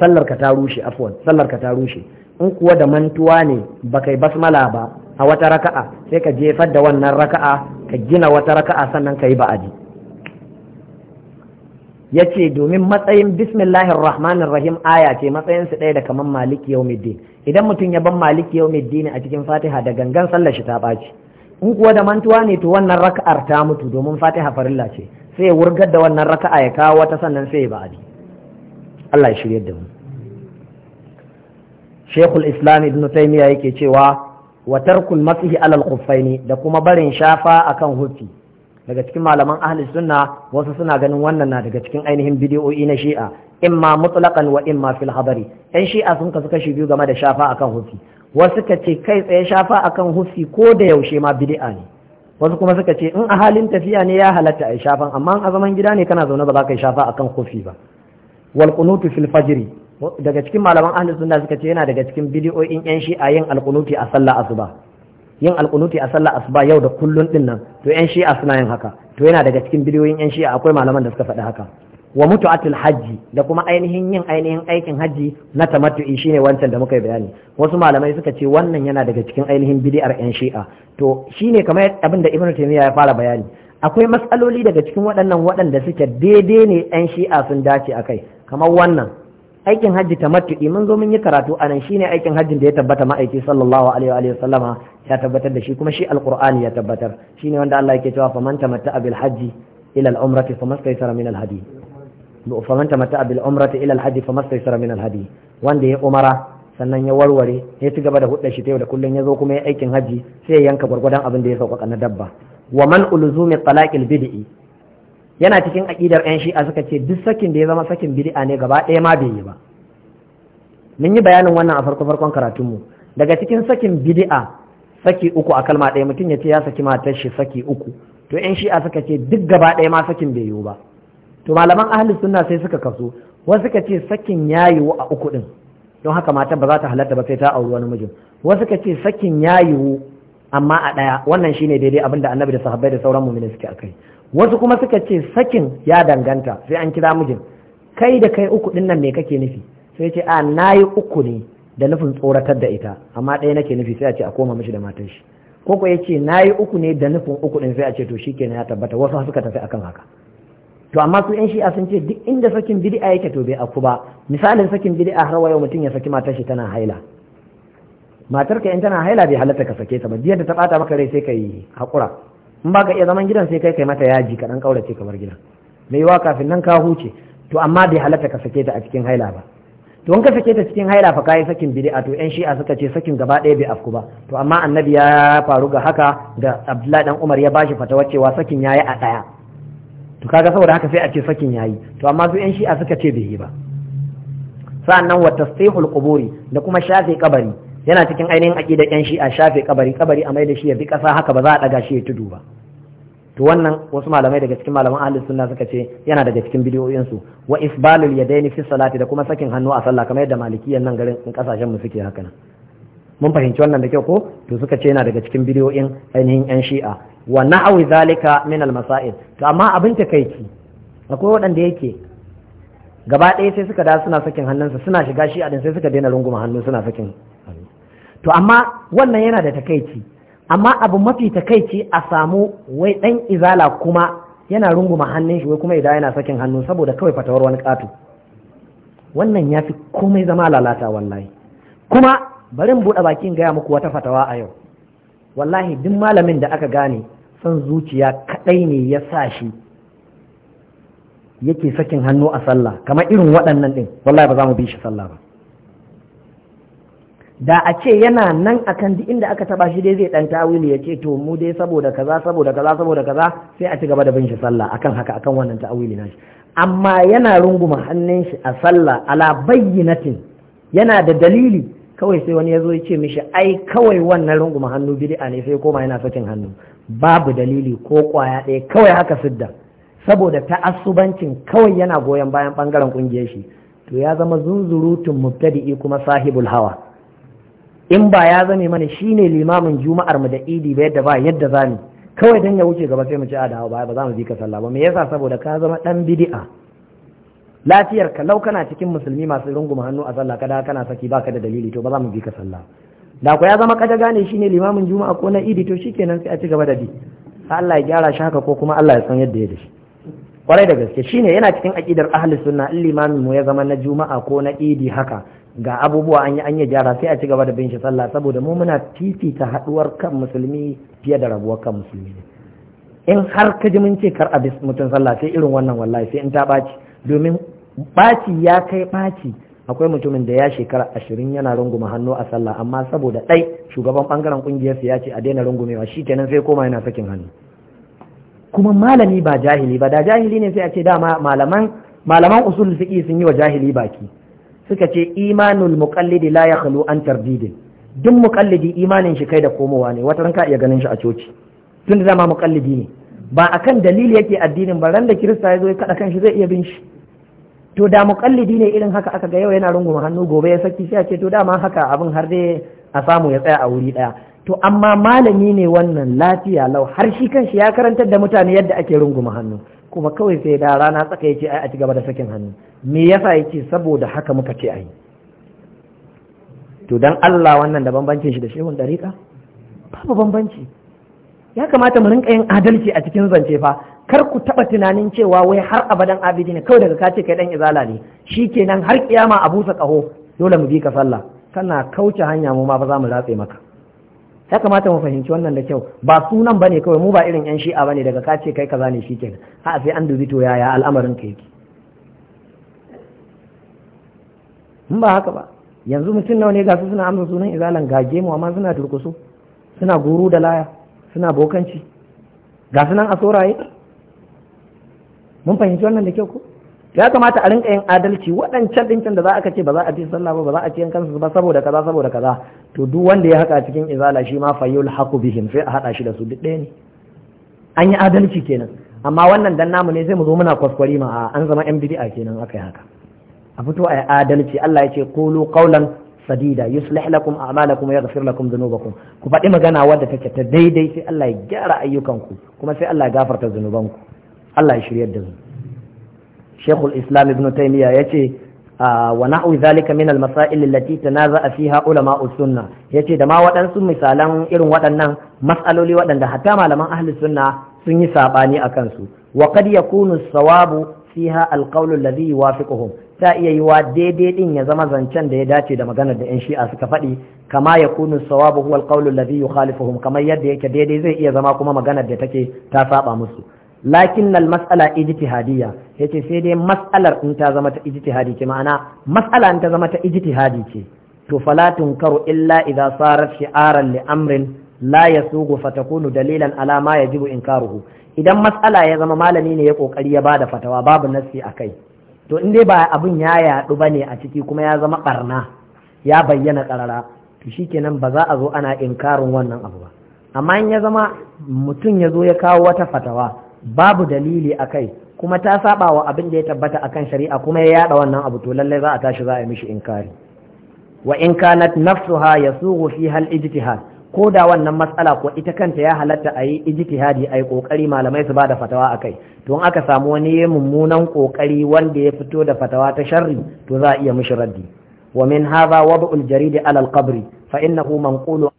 sallar ka ta rushe afwan sallar ka ta rushe in kuwa da mantuwa ne ba kai basmala ba a wata raka'a sai ka jefar da wannan raka'a ka gina wata raka'a sannan ka yi ba'adi ya ce domin matsayin bismillahir rahmanir rahim aya ce matsayin su ɗaya da kaman maliki yaumiddin idan mutum ya ban maliki yaumiddin a cikin fatiha da gangan sallar shi ta ɓaci in kuwa da mantuwa ne to wannan raka'ar ta mutu domin fatiha farilla ce sai ya wurgar da wannan raka'a ya kawo wata sannan sai ya ba'adi Allah ya shirya da mu Sheikhul Islam Ibn Taymiyyah yake cewa wa tarkul makihi alal khuffaini da kuma barin shafa akan hufi daga cikin malaman ahli sunna wasu suna ganin wannan na daga cikin ainihin bidi'oi na shi'a imma mutlaqan wa ma fil habari yan shi'a sun kasu kashi biyu game da shafa akan hufi wasu suka ce kai tsaye shafa akan hufi ko da yaushe ma bidi'a ne wasu kuma suka ce in a halin tafiya ne ya halatta a shafan amma a zaman gida ne kana zaune ba za ka yi shafa akan hufi ba wal qunutu fil fajri daga cikin malaman ahlus sunna suka ce yana daga cikin bidiyoyin yan shi'a yin alqunuti a sallah asuba yin alqunuti a sallah asuba yau da kullun din nan to yan shi'a suna yin haka to yana daga cikin bidiyoyin yan shi'a akwai malaman da suka faɗi haka wa mutu'atul hajji da kuma ainihin yin ainihin aikin hajji na tamattu'i shine wancan da muka bayani wasu malamai suka ce wannan yana daga cikin ainihin bidi'ar yan shi'a to shine kamar abin da ibnu taymiya ya fara bayani akwai matsaloli daga cikin waɗannan waɗanda suke daidai ne yan shi'a sun dace akai kamar wannan aikin hajji ta tamattu'i mun zo mun yi karatu anan ne aikin hajjin da ya tabbata ma'aiki sallallahu alaihi wa sallama ya tabbatar da shi kuma shi alqur'ani ya tabbatar Shi ne wanda Allah yake cewa faman tamatta'a bil hajji ila al umrati famastaysara min al hadi faman tamatta'a bil umrati ila al hajji famastaysara min al hadi wanda ya umara sannan ya warware ya ci gaba da hudda shi ta yau da kullun ya zo kuma ya aikin hajji sai ya yanka gwargwadon abin da ya sauƙaƙa na dabba wa man ulzumi talaqil bid'i yana cikin aƙidar 'yan shi'a suka ce duk sakin da ya zama sakin bid'a ne gaba ɗaya ma bai yi ba mun yi bayanin wannan a farko farkon karatunmu daga cikin sakin bid'a saki uku a kalma ɗaya mutum ya ce ya saki matar shi saki uku to 'yan shi'a suka ce duk gaba ɗaya ma sakin bai yiwu ba to malaman ahli sunna sai suka kaso wasu suka ce sakin ya yiwu a uku ɗin don haka matar ba za ta halatta ba sai ta auri wani mijin wasu suka ce sakin ya yiwu amma a ɗaya wannan shine daidai abin da annabi da sahabbai da sauran ne suke akai wasu kuma suka ce sakin ya danganta sai an kira mijin kai da kai uku dinnan nan me kake nufi sai ce a na yi uku ne da nufin tsoratar da ita amma ɗaya nake nufi sai a ce a koma mishi da matan shi ko ko yace yi uku ne da nufin uku din sai a ce to shikenan ya tabbata wasu suka tafi akan haka to amma su yan shi'a sun ce duk inda sakin bid'a yake to bai aku ba misalin sakin bid'a har wayo mutum ya saki matar shi tana haila matar ka in tana haila bai halatta ka sake ta ba jiya da ta bata maka rai sai ka yi hakura in ba ka iya zaman gidan sai kai kai mata yaji ka dan kaurace kamar gidan mai yiwa kafin nan ka huce to amma bai halatta ka sake ta a cikin haila ba to in ka sake ta cikin haila fa kai sakin bid'a to yan shi'a suka ce sakin gaba ɗaya bai afku ba to amma annabi ya faru ga haka da Abdullahi dan Umar ya bashi fatawa cewa sakin yayi a ɗaya to kaga saboda haka sai a ce sakin yayi to amma su yan shi'a suka ce bai yi ba nan wata tasfihul quburi da kuma shafe kabari yana cikin ainihin aqidar yan shi'a shafe kabari kabari a mai da shi ya bi kasa haka ba za a daga shi ya tudu ba to wannan wasu malamai daga cikin malaman ahli sunna suka ce yana daga cikin bidiyoyin su wa isbalul yadaini fi salati da kuma sakin hannu a sallah kamar yadda malikiyan nan garin kasashen mu suke haka nan mun fahimci wannan da kyau ko to suka ce yana daga cikin bidiyoyin ainihin yan shi'a wa na'awi zalika min al to amma abin takeici akwai waɗanda yake gaba ɗaya sai suka da suna sakin hannunsa suna shiga shi'a din sai suka daina runguma hannu suna sakin to amma wannan yana da takaici. amma abu mafi takaici a samu wai dan izala kuma yana runguma hannun shi wai kuma idan yana sakin hannu saboda kawai fatawar wani katu wannan ya fi komai zama lalata wallahi kuma bari buɗe bakin gaya muku wata fatawa a yau wallahi duk malamin da aka gane son zuciya kaɗai ne ya sa shi yake sakin hannu a sallah kamar irin waɗannan ɗin wallahi ba za mu bi shi sallah ba da a ce yana nan akan duk inda aka taba shi dai zai ɗan tawili ya ce to mu dai saboda kaza saboda kaza saboda kaza sai a ci gaba da bin shi sallah akan haka akan wannan tawili nashi amma yana runguma hannun shi a sallah ala bayyinatin yana da dalili kawai sai wani ya zo ya ce mishi ai kawai wannan runguma hannu bid'a ne sai koma yana sakin hannu babu dalili ko kwaya ɗaya kawai haka sidda saboda ta'assubancin kawai yana goyon bayan bangaren kungiyar shi to ya zama zunzurutun mubtadi'i kuma sahibul hawa in ba ya zame mana shine limamin juma'ar mu da idi ba yadda ba yadda zamu kawai dan ya wuce gaba sai mu ci a dawo ba ba za mu bi ka sallah ba me yasa saboda ka zama dan bid'a lafiyar ka lau kana cikin musulmi masu runguma hannu a sallah kada kana saki baka da dalili to ba za mu bi ka sallah da ya zama kada gane shine limamin juma'a ko na idi to shikenan sai a ci gaba da bi Allah ya gyara shi haka ko kuma Allah ya san yadda ya dashi kwarai da gaske shine yana cikin aqidar ahli sunna in limamin mu ya zama na juma'a ko na idi haka ga abubuwa an yi an gyara sai a ci gaba da bin shi sallah saboda mu muna fifita haduwar kan musulmi fiye da rabuwar kan musulmi in har ka ji mun ce kar a bi mutum sallah sai irin wannan wallahi sai in ta baci domin baci ya kai baci akwai mutumin da ya shekara ashirin yana runguma hannu a sallah amma saboda ɗai shugaban bangaren ƙungiyarsa ya ce a daina rungumewa shi kenan sai koma yana sakin hannu kuma malami ba jahili ba da jahili ne sai a ce dama malaman malaman usul fiqi sun yi wa jahili baki suka ce imanul muqallidi la yakhlu an tardidin duk muqallidi imanin shi kai da komowa ne wata ranka iya ganin shi a coci tun da zama muqallidi ne ba akan dalili yake addinin ba ran da kirista ya zo ya kada kanshi zai iya bin shi to da muqallidi ne irin haka aka ga yau yana runguma hannu gobe ya saki sai a ce to dama haka abin har dai a samu ya tsaya a wuri daya to amma malami ne wannan lafiya lau har shi kanshi ya karantar da mutane yadda ake runguma hannu kuma kawai sai da rana tsaka yake ai a ci gaba da sakin hannu me yasa yake saboda haka muka ce ai to dan Allah wannan da bambancin shi da shehun dariƙa babu bambanci ya kamata mu rinka yin adalci a cikin zance fa kar ku taba tunanin cewa wai har abadan abidi ne kawai daga ka ce kai dan izala ne shikenan har kiyama a busa kaho dole mu bi ka sallah kana kauce hanya mu ma ba za mu ratse maka ya kamata mu fahimci wannan da kyau ba sunan bane kawai mu ba irin yan shi'a bane daga ka ce kai kaza ne shikenan a sai an dubi to yaya al'amarin ka yake in ba haka ba yanzu mutum nawa ne ga su suna amsa sunan izalan gage mu amma suna turkusu suna guru da laya suna bokanci ga sunan a mun fahimci wannan da kyau ko ya kamata a rinka yin adalci waɗancan ɗinkin da za a ce ba za a ci sallah ba ba za a ci yankan su ba saboda kaza saboda kaza to duk wanda ya haka cikin izala shi ma fayyul haku bihim sai a haɗa shi da su duk ɗaya ne an yi adalci kenan amma wannan dan namu ne zai mu zo muna kwaskwari ma an zama yan bid'a kenan akai haka a fito a yi adalci Allah ya ce qulu qawlan sadida yuslih lakum a'malakum wa yaghfir lakum dhunubakum ku faɗi magana wadda take ta daidai sai Allah ya gyara ayyukanku kuma sai Allah ya gafarta zunubanku Allah ya shiryar da mu shekul islam ibn taymiya ya ce wa na'u zalika min al-masail allati tanaza'a fiha ulama sunna yace da ma waɗansu misalan irin waɗannan matsaloli waɗanda hatta malaman ahli sunna sun yi saɓani a kansu. wa qad yakunu sawabu fiha al-qawlu alladhi yuwafiquhum ta iya yiwa daidai din ya zama zancen da ya dace da maganar da 'yan shi'a suka faɗi kama ya kunu sawabu huwa alqawlu alladhi yukhalifuhum kamar yadda yake daidai zai iya zama kuma maganar da take ta saba musu lakin al mas'ala ijtihadiyya ce sai dai mas'alar in ta zama ta ijtihadi ce ma'ana mas'ala in ta zama ta ijtihadi ce to fala tunkaru illa idza sarat shi'aran li amrin la yasugu fatakunu dalilan ala ma yajibu inkaruhu idan mas'ala ya zama malami ne ya kokari ya bada fatawa babu nassi akai to in dai ba abun ya yadu bane a ciki kuma ya zama barna ya bayyana karara to shikenan ba za a zo ana inkarin wannan abu ba amma in ya zama mutum ya zo ya kawo wata fatawa babu dalili akai kuma ta saba wa abin da ya tabbata akan shari'a kuma ya yada wannan abu to lallai za a tashi za a yi mishi inkari wa in kanat nafsuha yasughu fi hal ijtihad ko da wannan matsala ko ita kanta ya halatta a yi ijtihadi a yi kokari malamai su ba da fatawa akai to in aka samu wani mummunan kokari wanda ya fito da fatawa ta sharri to za a iya mishi raddi wa min hadha wad'u al-jarid ala al-qabr fa innahu